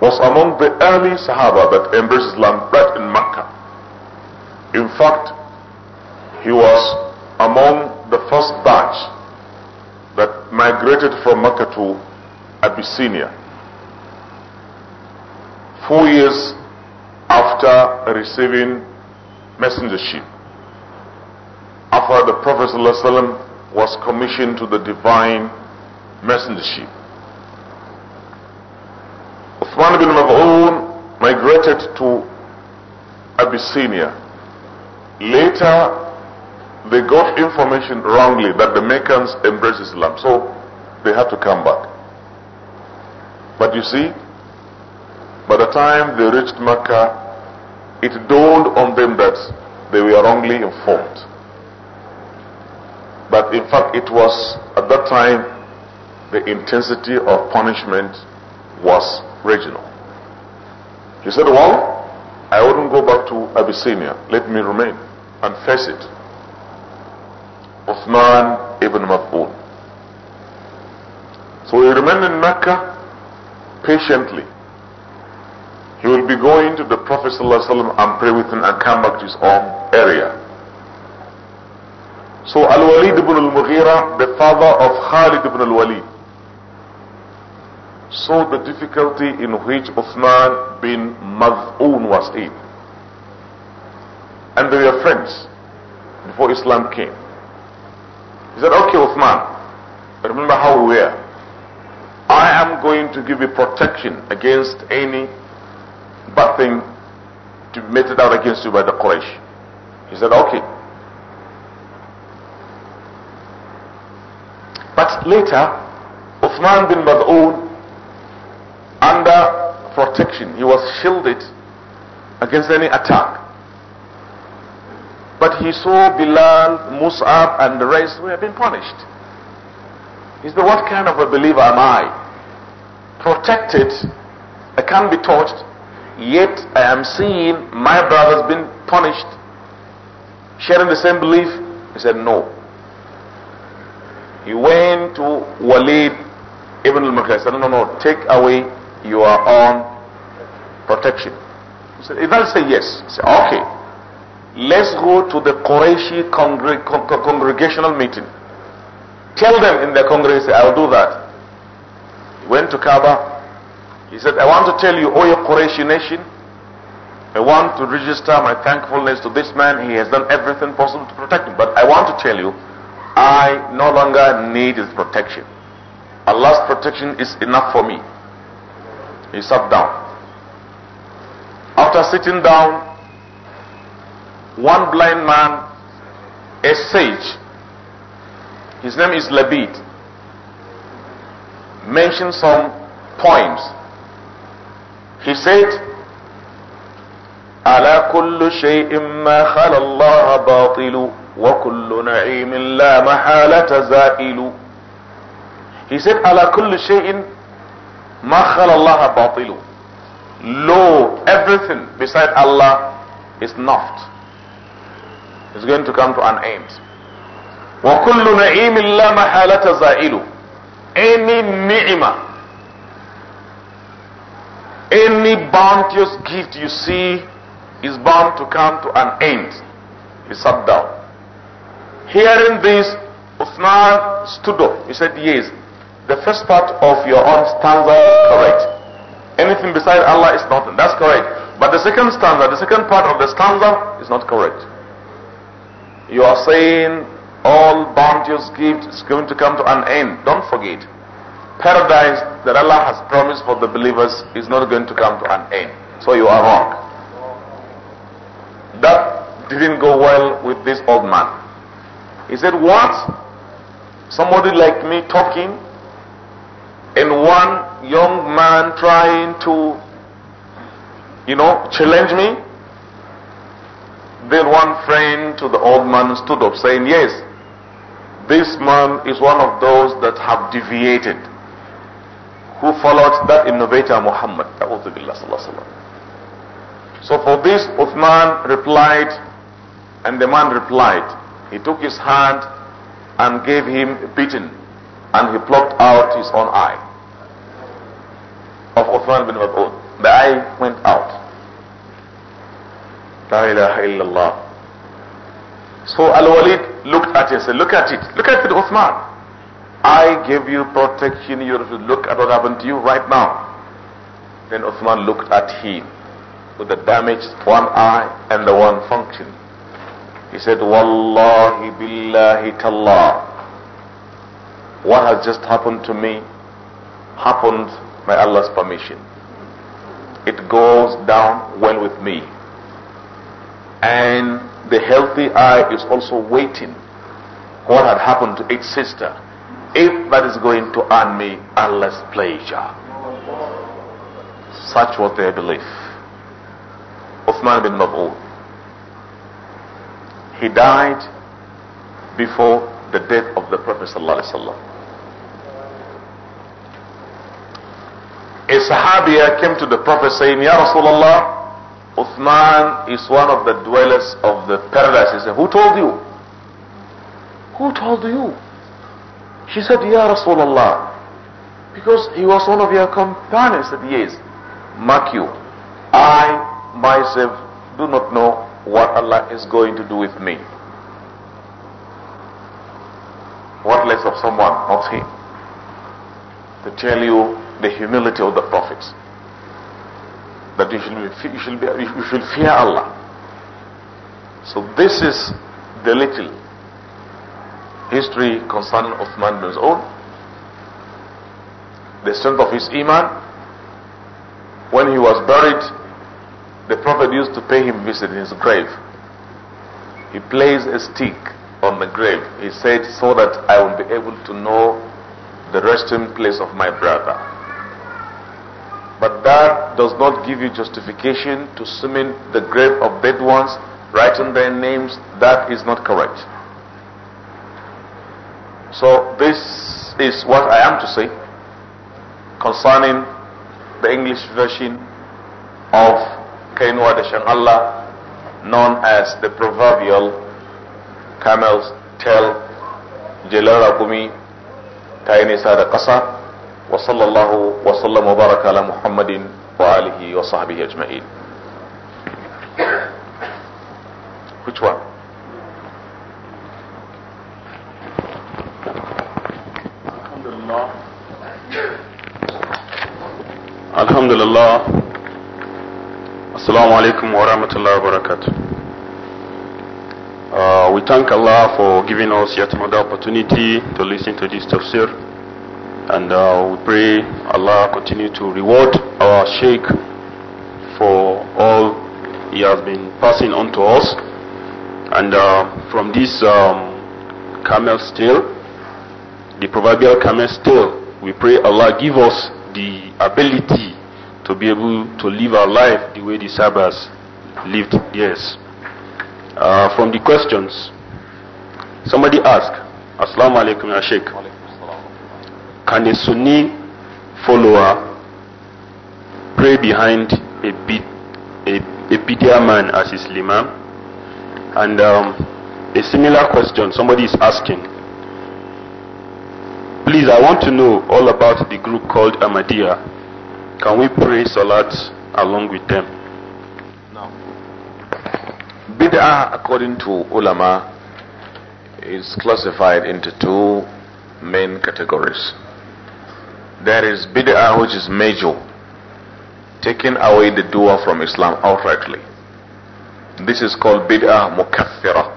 Speaker 1: was among the early Sahaba that embraced Islam right in Mecca. In fact, he was among the first batch that migrated from Mecca to Abyssinia. Four years after receiving messengership. After the Prophet ﷺ was commissioned to the divine messengership. Uthman ibn Mab'un migrated to Abyssinia. Later, they got information wrongly that the Meccans embraced Islam, so they had to come back. But you see, by the time they reached Mecca, it dawned on them that they were wrongly informed. But in fact, it was at that time the intensity of punishment was regional. He said, Well, I wouldn't go back to Abyssinia. Let me remain and face it. Uthman ibn Maf'un. So he remained in Mecca patiently he will be going to the Prophet ﷺ and pray with him and come back to his own area. So Al-Walid ibn al-Mughira, the father of Khalid ibn al-Walid, saw the difficulty in which Uthman bin Maz'un was in. And they were friends before Islam came. He said, okay Uthman, remember how we were. I am going to give you protection against any bad thing to be meted out against you by the Quraysh. He said, okay. But later, Uthman bin Mad'un, under protection, he was shielded against any attack. But he saw Bilal, Mus'ab, and the rest who had been punished. He said, what kind of a believer am I? Protected, I can't be touched, Yet I am seeing my brothers being punished, sharing the same belief. He said, No. He went to Walid Ibn al He said, No, no, take away your own protection. He said, If I say yes, he said, Okay, let's go to the Qurayshi con congregational meeting. Tell them in the congregation, I'll do that. He went to Kaaba he said, I want to tell you, O your Quraysh nation, I want to register my thankfulness to this man. He has done everything possible to protect me. But I want to tell you, I no longer need his protection. Allah's protection is enough for me. He sat down. After sitting down, one blind man, a sage, his name is Labid, mentioned some poems He said, على كل شيء ما خلا الله باطل وكل نعيم لا محالة زائل He said, على كل شيء ما خلا الله باطل Lo, everything beside Allah is not. It's going to come to an end. وكل نعيم لا محالة زائل Any ni'mah Any bounteous gift you see is bound to come to an end. He sat down. Hearing this, Uthman stood up. He said, Yes, the first part of your own stanza is correct. Anything beside Allah is nothing. That's correct. But the second stanza, the second part of the stanza is not correct. You are saying all bounteous gifts is going to come to an end. Don't forget paradise that Allah has promised for the believers is not going to come to an end. So you are wrong. That didn't go well with this old man. He said, What? Somebody like me talking, and one young man trying to, you know, challenge me? Then one friend to the old man stood up saying, Yes, this man is one of those that have deviated who followed that innovator Muhammad. So for this, Uthman replied, and the man replied. He took his hand and gave him a beating, and he plucked out his own eye of Uthman bin Mas'ud. The eye went out. La ilaha illallah. So Al-Walid looked at it and said, look at it, look at it, Uthman. I give you protection, you should look at what happened to you right now. Then Uthman looked at him with the damaged one eye and the one functioning. He said, Wallahi billahi tallah. What has just happened to me happened by Allah's permission. It goes down well with me. And the healthy eye is also waiting what had happened to its sister if that is going to earn me Allah's pleasure. Such was their belief. Uthman bin Mab'ud. He died before the death of the Prophet A Sahabiya came to the Prophet saying, Ya Rasulullah, Uthman is one of the dwellers of the paradise. He said, Who told you? Who told you? She said, Ya Rasulullah, because he was one of your companions. Said, yes. Mark you, I myself do not know what Allah is going to do with me. What less of someone, not him, to tell you the humility of the prophets. That you should, be, you, should be, you should fear Allah. So this is the little history concerning Uthman bin Zul, the strength of his iman. When he was buried, the Prophet used to pay him visit in his grave. He placed a stick on the grave. He said, so that I will be able to know the resting place of my brother. But that does not give you justification to summon the grave of dead ones, writing their names. That is not correct. So this is what I am to say concerning the English version of Kainwa Dashan Allah known as the proverbial camel's tail jelara gumi ta yi nisa da ƙasa wa sallallahu wa sallam baraka muhammadin wa alihi wa sahbihi ajma'in which one Alhamdulillah.
Speaker 3: الحمد لله السلام عليكم ورحمة الله وبركاته uh, we thank Allah for giving us yet another opportunity to listen to this tafsir and uh, we pray Allah continue to reward our Sheikh for all he has been passing on to us and uh, from this um, camel still the proverbial comment still. We pray Allah give us the ability to be able to live our life the way the Sabbaths lived Yes. Uh, from the questions, somebody asked, Assalamu alaikum ya Sheikh. Can a Sunni follower pray behind a, bid, a, a Bidya man as his Imam? And um, a similar question somebody is asking Please, I want to know all about the group called Ahmadiyya. Can we pray Salat along with them? No.
Speaker 1: Bid'ah, according to ulama, is classified into two main categories. There is bid'ah which is major, taking away the dua from Islam outrightly. This is called bid'ah mukaffira.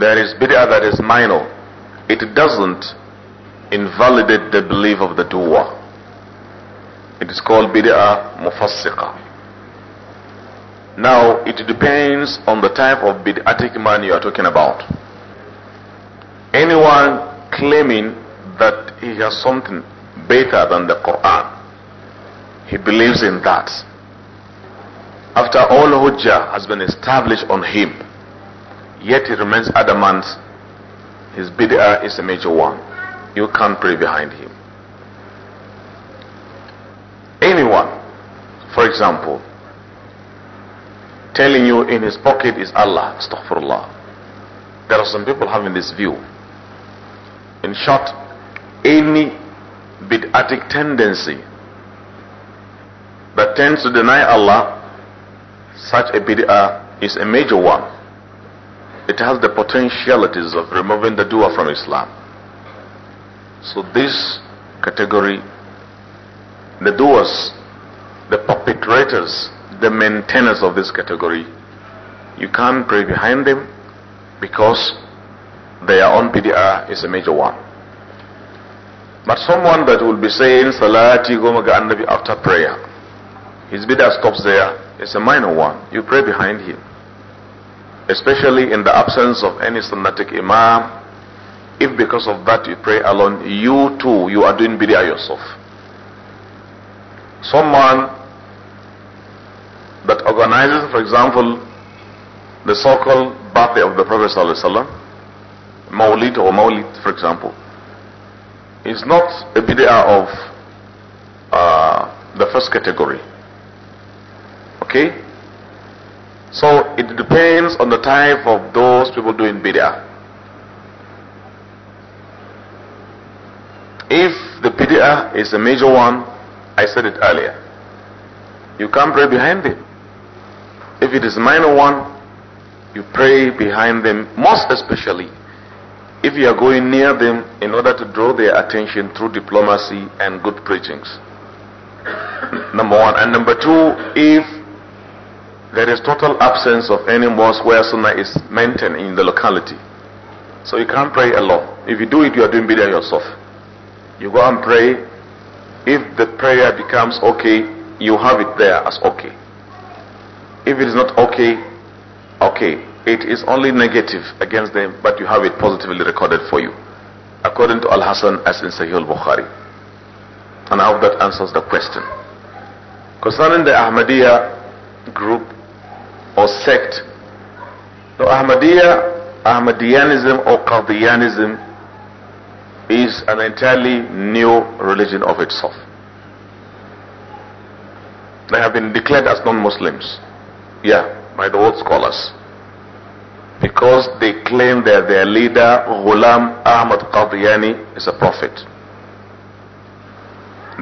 Speaker 1: There is bid'ah that is minor. It doesn't invalidate the belief of the doer. It is called bid'ah mufassiqa. Now, it depends on the type of bid'atic man you are talking about. Anyone claiming that he has something better than the Quran, he believes in that. After all hujjah has been established on him, yet he remains adamant his bid'ah is a major one. You can't pray behind him. Anyone, for example, telling you in his pocket is Allah, astaghfirullah. There are some people having this view. In short, any bid'atic tendency that tends to deny Allah, such a bid'ah is a major one. It has the potentialities of removing the dua from Islam. So this category, the doers, the perpetrators, the maintainers of this category, you can't pray behind them because their own PDR is a major one. But someone that will be saying Salati Gomaga after prayer, his bidah stops there. It's a minor one. You pray behind him. Especially in the absence of any sunnatic imam if because of that you pray alone, you too, you are doing bid'ah yourself. Someone that organizes, for example, the so-called birthday of the Prophet ﷺ, Mawlid or Mawlid, for example, is not a bid'ah of uh, the first category. Okay? So it depends on the type of those people doing bid'ah. If the bid'ah is a major one, I said it earlier, you can't pray behind them. If it is a minor one, you pray behind them, most especially if you are going near them in order to draw their attention through diplomacy and good preachings. number one. And number two, if there is total absence of any mosque where sunnah is maintained in the locality. So you can't pray alone. If you do it, you are doing bid'ah yourself. You go and pray. If the prayer becomes okay, you have it there as okay. If it is not okay, okay. It is only negative against them, but you have it positively recorded for you. According to Al-Hasan as in Sahih al-Bukhari. And I hope that answers the question. Concerning the Ahmadiyya group or sect, the Ahmadiyya, Ahmadiyanism or Qadianism is an entirely new religion of itself. They have been declared as non-Muslims. Yeah, by the old scholars. Because they claim that their leader, Ghulam Ahmad Qadiani, is a prophet.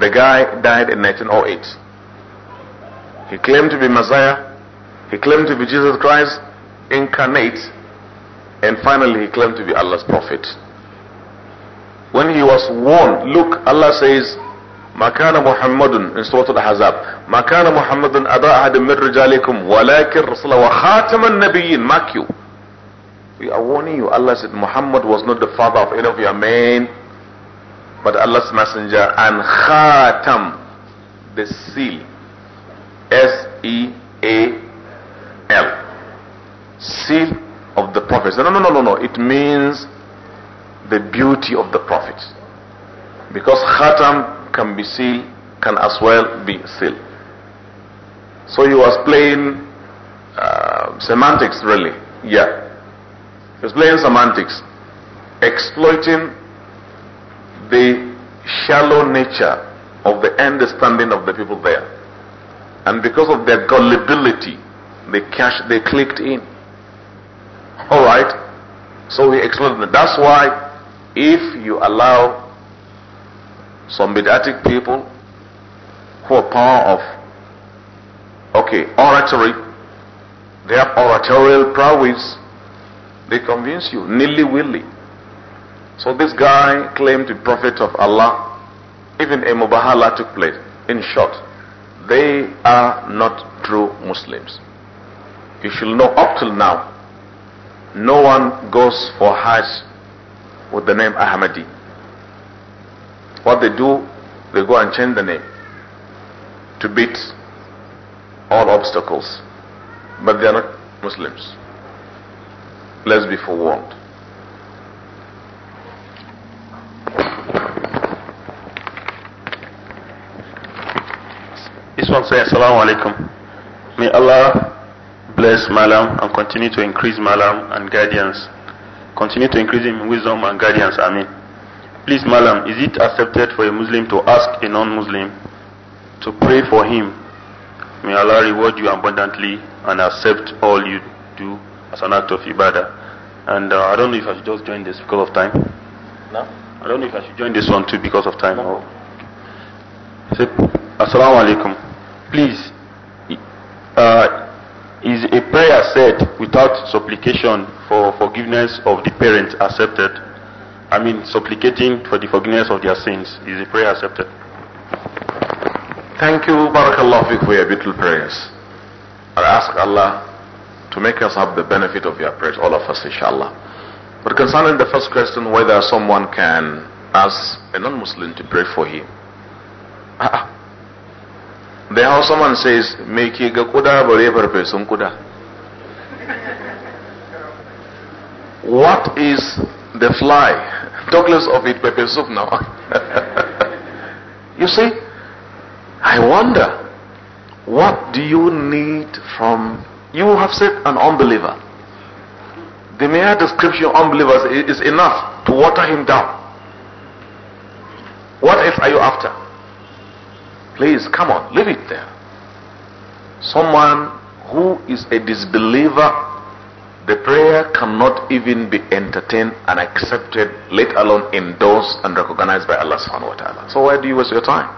Speaker 1: The guy died in 1908. He claimed to be Messiah. He claimed to be Jesus Christ incarnate. And finally, he claimed to be Allah's prophet when he was warned, look, Allah says, مكان محمد in Surah Al-Ahzab مكان محمد أبا أحد من رجالكم ولكن رسول وخاتم النبيين mark we are warning you Allah said Muhammad was not the father of any of your men but Allah's messenger and khatam the seal S E A L seal of the prophets no no no no no it means the beauty of the prophets. Because khatam can be sealed, can as well be sealed. So he was playing uh, semantics really. Yeah. He was playing semantics, exploiting the shallow nature of the understanding of the people there. And because of their gullibility, they they clicked in. Alright? So he explained that. That's why if you allow some bid'atic people who are power of okay oratory their oratorial prowess they convince you nilly-willy so this guy claimed to prophet of allah even a mubahala took place in short they are not true muslims you should know up till now no one goes for hajj with the name Ahmadi. What they do, they go and change the name to beat all obstacles. But they are not Muslims. Let's be forewarned.
Speaker 3: This one says, Assalamu alaikum. May Allah bless Malam and continue to increase Malam and guardians Continue to increase him in wisdom and guidance. Amen. Please, Malam, is it accepted for a Muslim to ask a non-Muslim to pray for him? May Allah reward you abundantly and accept all you do as an act of ibadah. And uh, I don't know if I should just join this because of time. No. I don't know if I should join this one too because of time. No. Oh. Assalamu alaikum. Please, uh, is a prayer said without supplication for forgiveness of the parents accepted? I mean, supplicating for the forgiveness of their sins. Is a prayer accepted? Thank you, Barakallah, for your beautiful prayers. I ask Allah
Speaker 1: to make us have the benefit of your prayers, all of us, inshallah. But concerning the first question, whether someone can ask a non-Muslim to pray for him, ah, the man says, Me ke ga kuda bare some kuda. What is the fly? Talk less of it, pepper soup now. you see, I wonder, what do you need from, you have said an unbeliever. The mere description of unbelievers is enough to water him down. What else are you after? Please, come on, leave it there. Someone who is a disbeliever, the prayer cannot even be entertained and accepted, let alone endorsed and recognized by Allah subhanahu wa ta'ala. So why do you waste your time?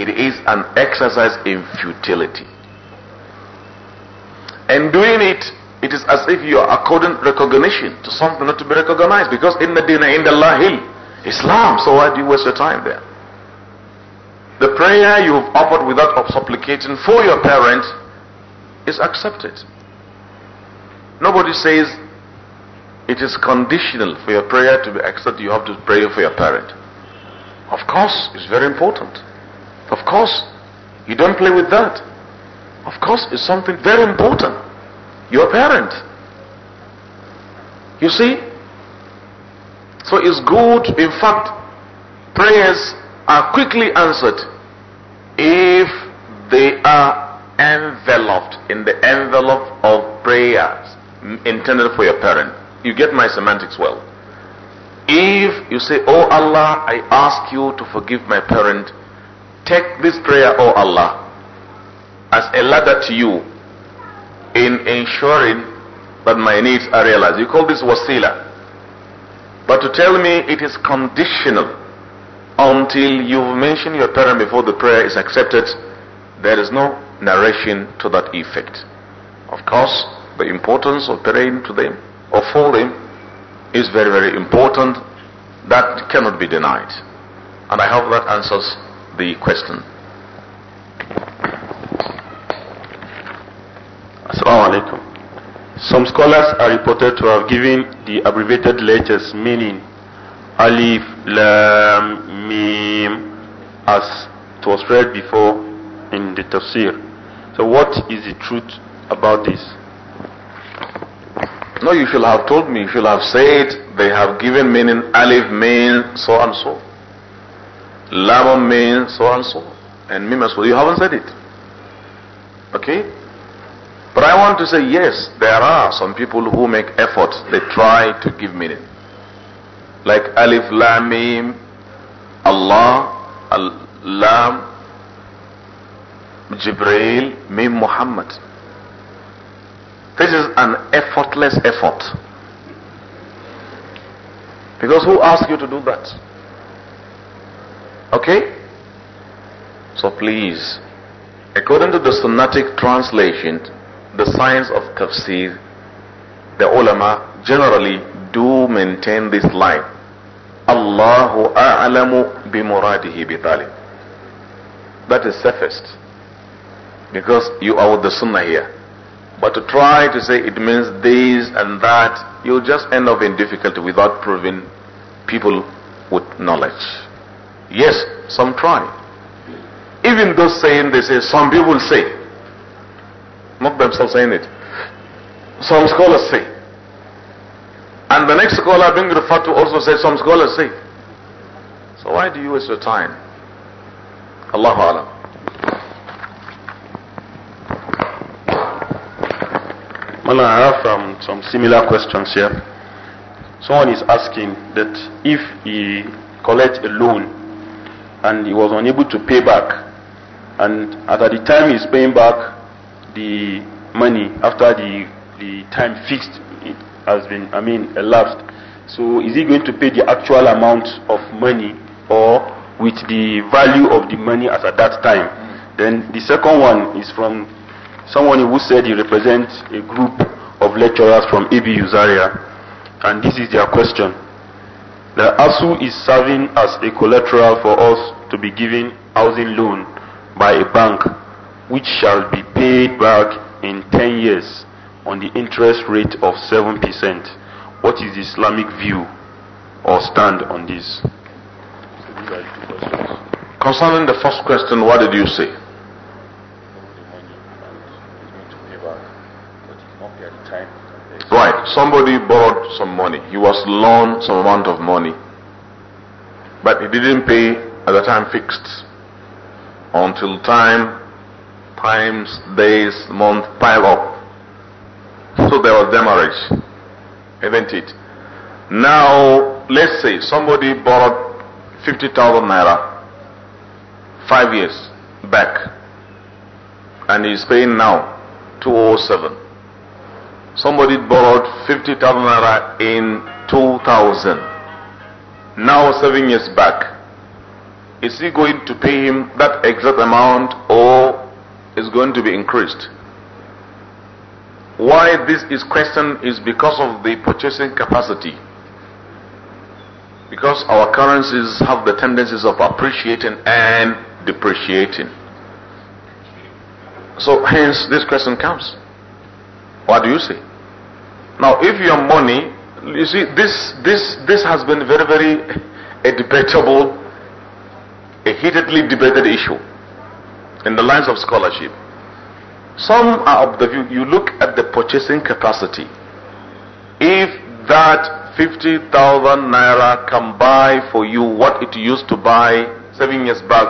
Speaker 1: It is an exercise in futility. And doing it, it is as if you are according recognition to something not to be recognized because in the dina in the lahil, Islam. So why do you waste your time there? the prayer you have offered without of supplicating for your parent is accepted. Nobody says it is conditional for your prayer to be accepted. You have to pray for your parent. Of course, it's very important. Of course, you don't play with that. Of course, it's something very important. Your parent. You see? So it's good, in fact, prayers are quickly answered if they are enveloped in the envelope of prayers intended for your parent. You get my semantics well. If you say, Oh Allah, I ask you to forgive my parent, take this prayer, Oh Allah, as a ladder to you in ensuring that my needs are realized. You call this wasila. But to tell me it is conditional until you've mentioned your parent before the prayer is accepted, there is no narration to that effect. Of course, the importance of praying to them or for them is very, very important. That cannot be denied. And I hope that answers
Speaker 3: the question. Assalamu Some scholars are reported to have given the abbreviated letters meaning Alif, Lam Mim as it was read before in the tafsir. So what is the truth about this? No, you should have told me, you should have said they
Speaker 1: have given meaning Alif means so and so. Lam means so and so. And Mim as well. You haven't said it. Okay? But I want to say yes, there are some people who make effort. They try to give meaning like Alif Lam Mim, Allah, Al Lam, Jibreel, Mim Muhammad. This is an effortless effort. Because who asked you to do that? Okay? So please, according to the Sunnatic translation, the science of tafsir, the ulama generally do maintain this line. Allahu a'lamu bi muradihi bi talib. That is safest. Because you are with the sunnah here. But to try to say it means this and that, you'll just end up in difficulty without proving people with knowledge. Yes, some try. Even those saying they say, some people say, not themselves saying it, some scholars say, and the next scholar being referred to also said, some scholars say. So why do you waste your time?
Speaker 3: Allahu Alam. Well, I have um, some similar questions here. Someone is asking that if he collects a loan and he was unable to pay back, and at the time he's paying back the money after the, the time fixed has been, I mean, elapsed. So is he going to pay the actual amount of money or with the value of the money as at that time? Then the second one is from someone who said he represents a group of lecturers from AB area, And this is their question. The ASU is serving as a collateral for us to be given housing loan by a bank, which shall be paid back in 10 years on the interest rate of 7%. What is the Islamic view or stand on this? Concerning the
Speaker 1: first question, what did you say? Right, somebody borrowed some money. He was loaned some amount of money. But he didn't pay at the time fixed until time, times, days, month pile up there was demarage, isn't it? Now, let's say somebody borrowed 50,000 naira five years back and he's paying now 207. Somebody borrowed 50,000 naira in 2000. Now, seven years back. Is he going to pay him that exact amount or is going to be increased? Why this is questioned is because of the purchasing capacity. Because our currencies have the tendencies of appreciating and depreciating. So hence this question comes. What do you say? Now if your money you see this this this has been very very a debatable a heatedly debated issue in the lines of scholarship some are of the view, you look at the purchasing capacity. If that 50,000 naira can buy for you what it used to buy seven years back,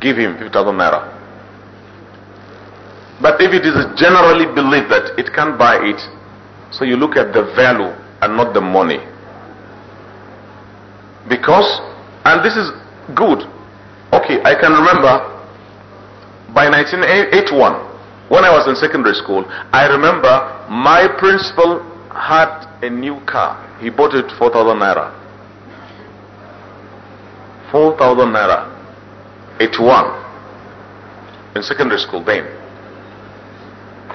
Speaker 1: give him 50,000 naira. But if it is generally believed that it can buy it, so you look at the value and not the money. Because, and this is good. Okay, I can remember by 1981, when I was in secondary school, I remember my principal had a new car. He bought it 4,000 naira. 4,000 naira. 81. In secondary school then.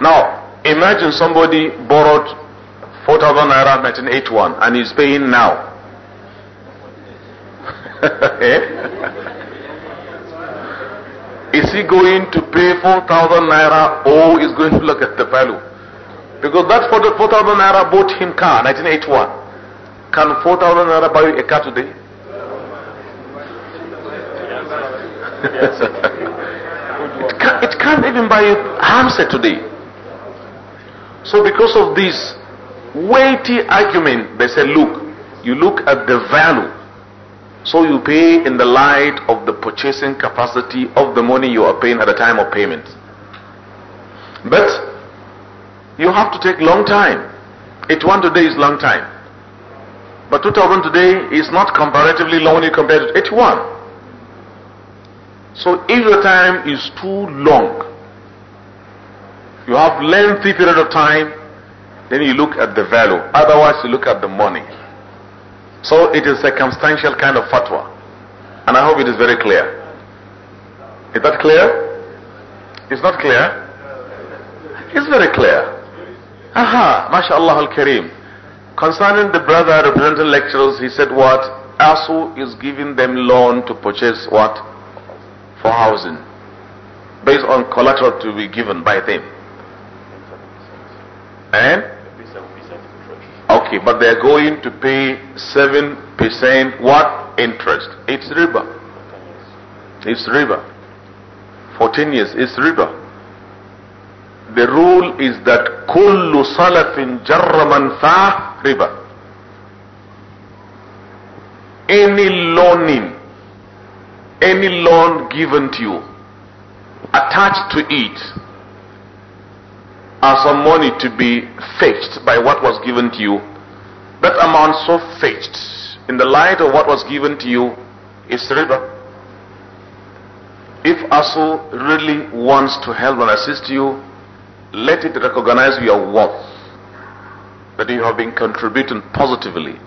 Speaker 1: Now, imagine somebody borrowed 4,000 naira 1981 and he's paying now. eh? Is he going to pay 4,000 naira or is going to look at the value? Because that's 4,000 naira bought him car, 1981. Can 4,000 naira buy a car today? it, can't, it can't even buy a handset today. So because of this weighty argument, they say, look, you look at the value so you pay in the light of the purchasing capacity of the money you are paying at the time of payment. But you have to take long time. Eight one today is long time. But 2000 today is not comparatively long when you compare to 81. So if the time is too long, you have lengthy period of time, then you look at the value. Otherwise, you look at the money. So it is circumstantial kind of fatwa. And I hope it is very clear. Is that clear? It's not clear? It's very clear. Aha, mashallah al-kareem. Concerning the brother representing lecturers, he said what? ASU is giving them loan to purchase what? For housing. Based on collateral to be given by them. And Okay, but they're going to pay 7% what? Interest. It's riba. It's riba. 14 years, it's riba. The rule is that kullu salafin jarra fa riba. Any loaning, any loan given to you, attached to it, are some money to be fetched by what was given to you, that amount so fetched in the light of what was given to you is riba. If ASU really wants to help and assist you, let it recognize your worth, that you have been contributing positively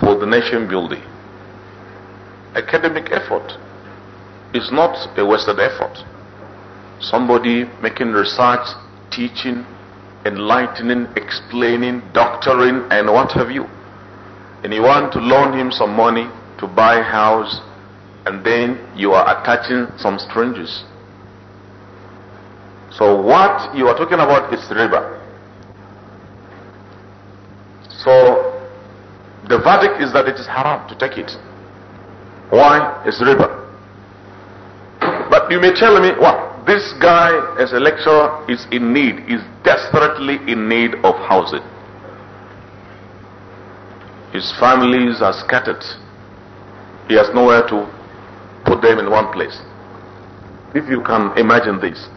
Speaker 1: for the nation building. Academic effort is not a wasted effort. Somebody making research, teaching, enlightening, explaining, doctoring, and what have you. And you want to loan him some money to buy house, and then you are attaching some strangers. So what you are talking about is riba. So the verdict is that it is haram to take it. Why? It's riba. But you may tell me, what? This guy, as a lecturer, is in need, is desperately in need of housing. His families are scattered. He has nowhere to put them in one place.
Speaker 2: If you can imagine this,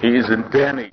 Speaker 2: he is in danger.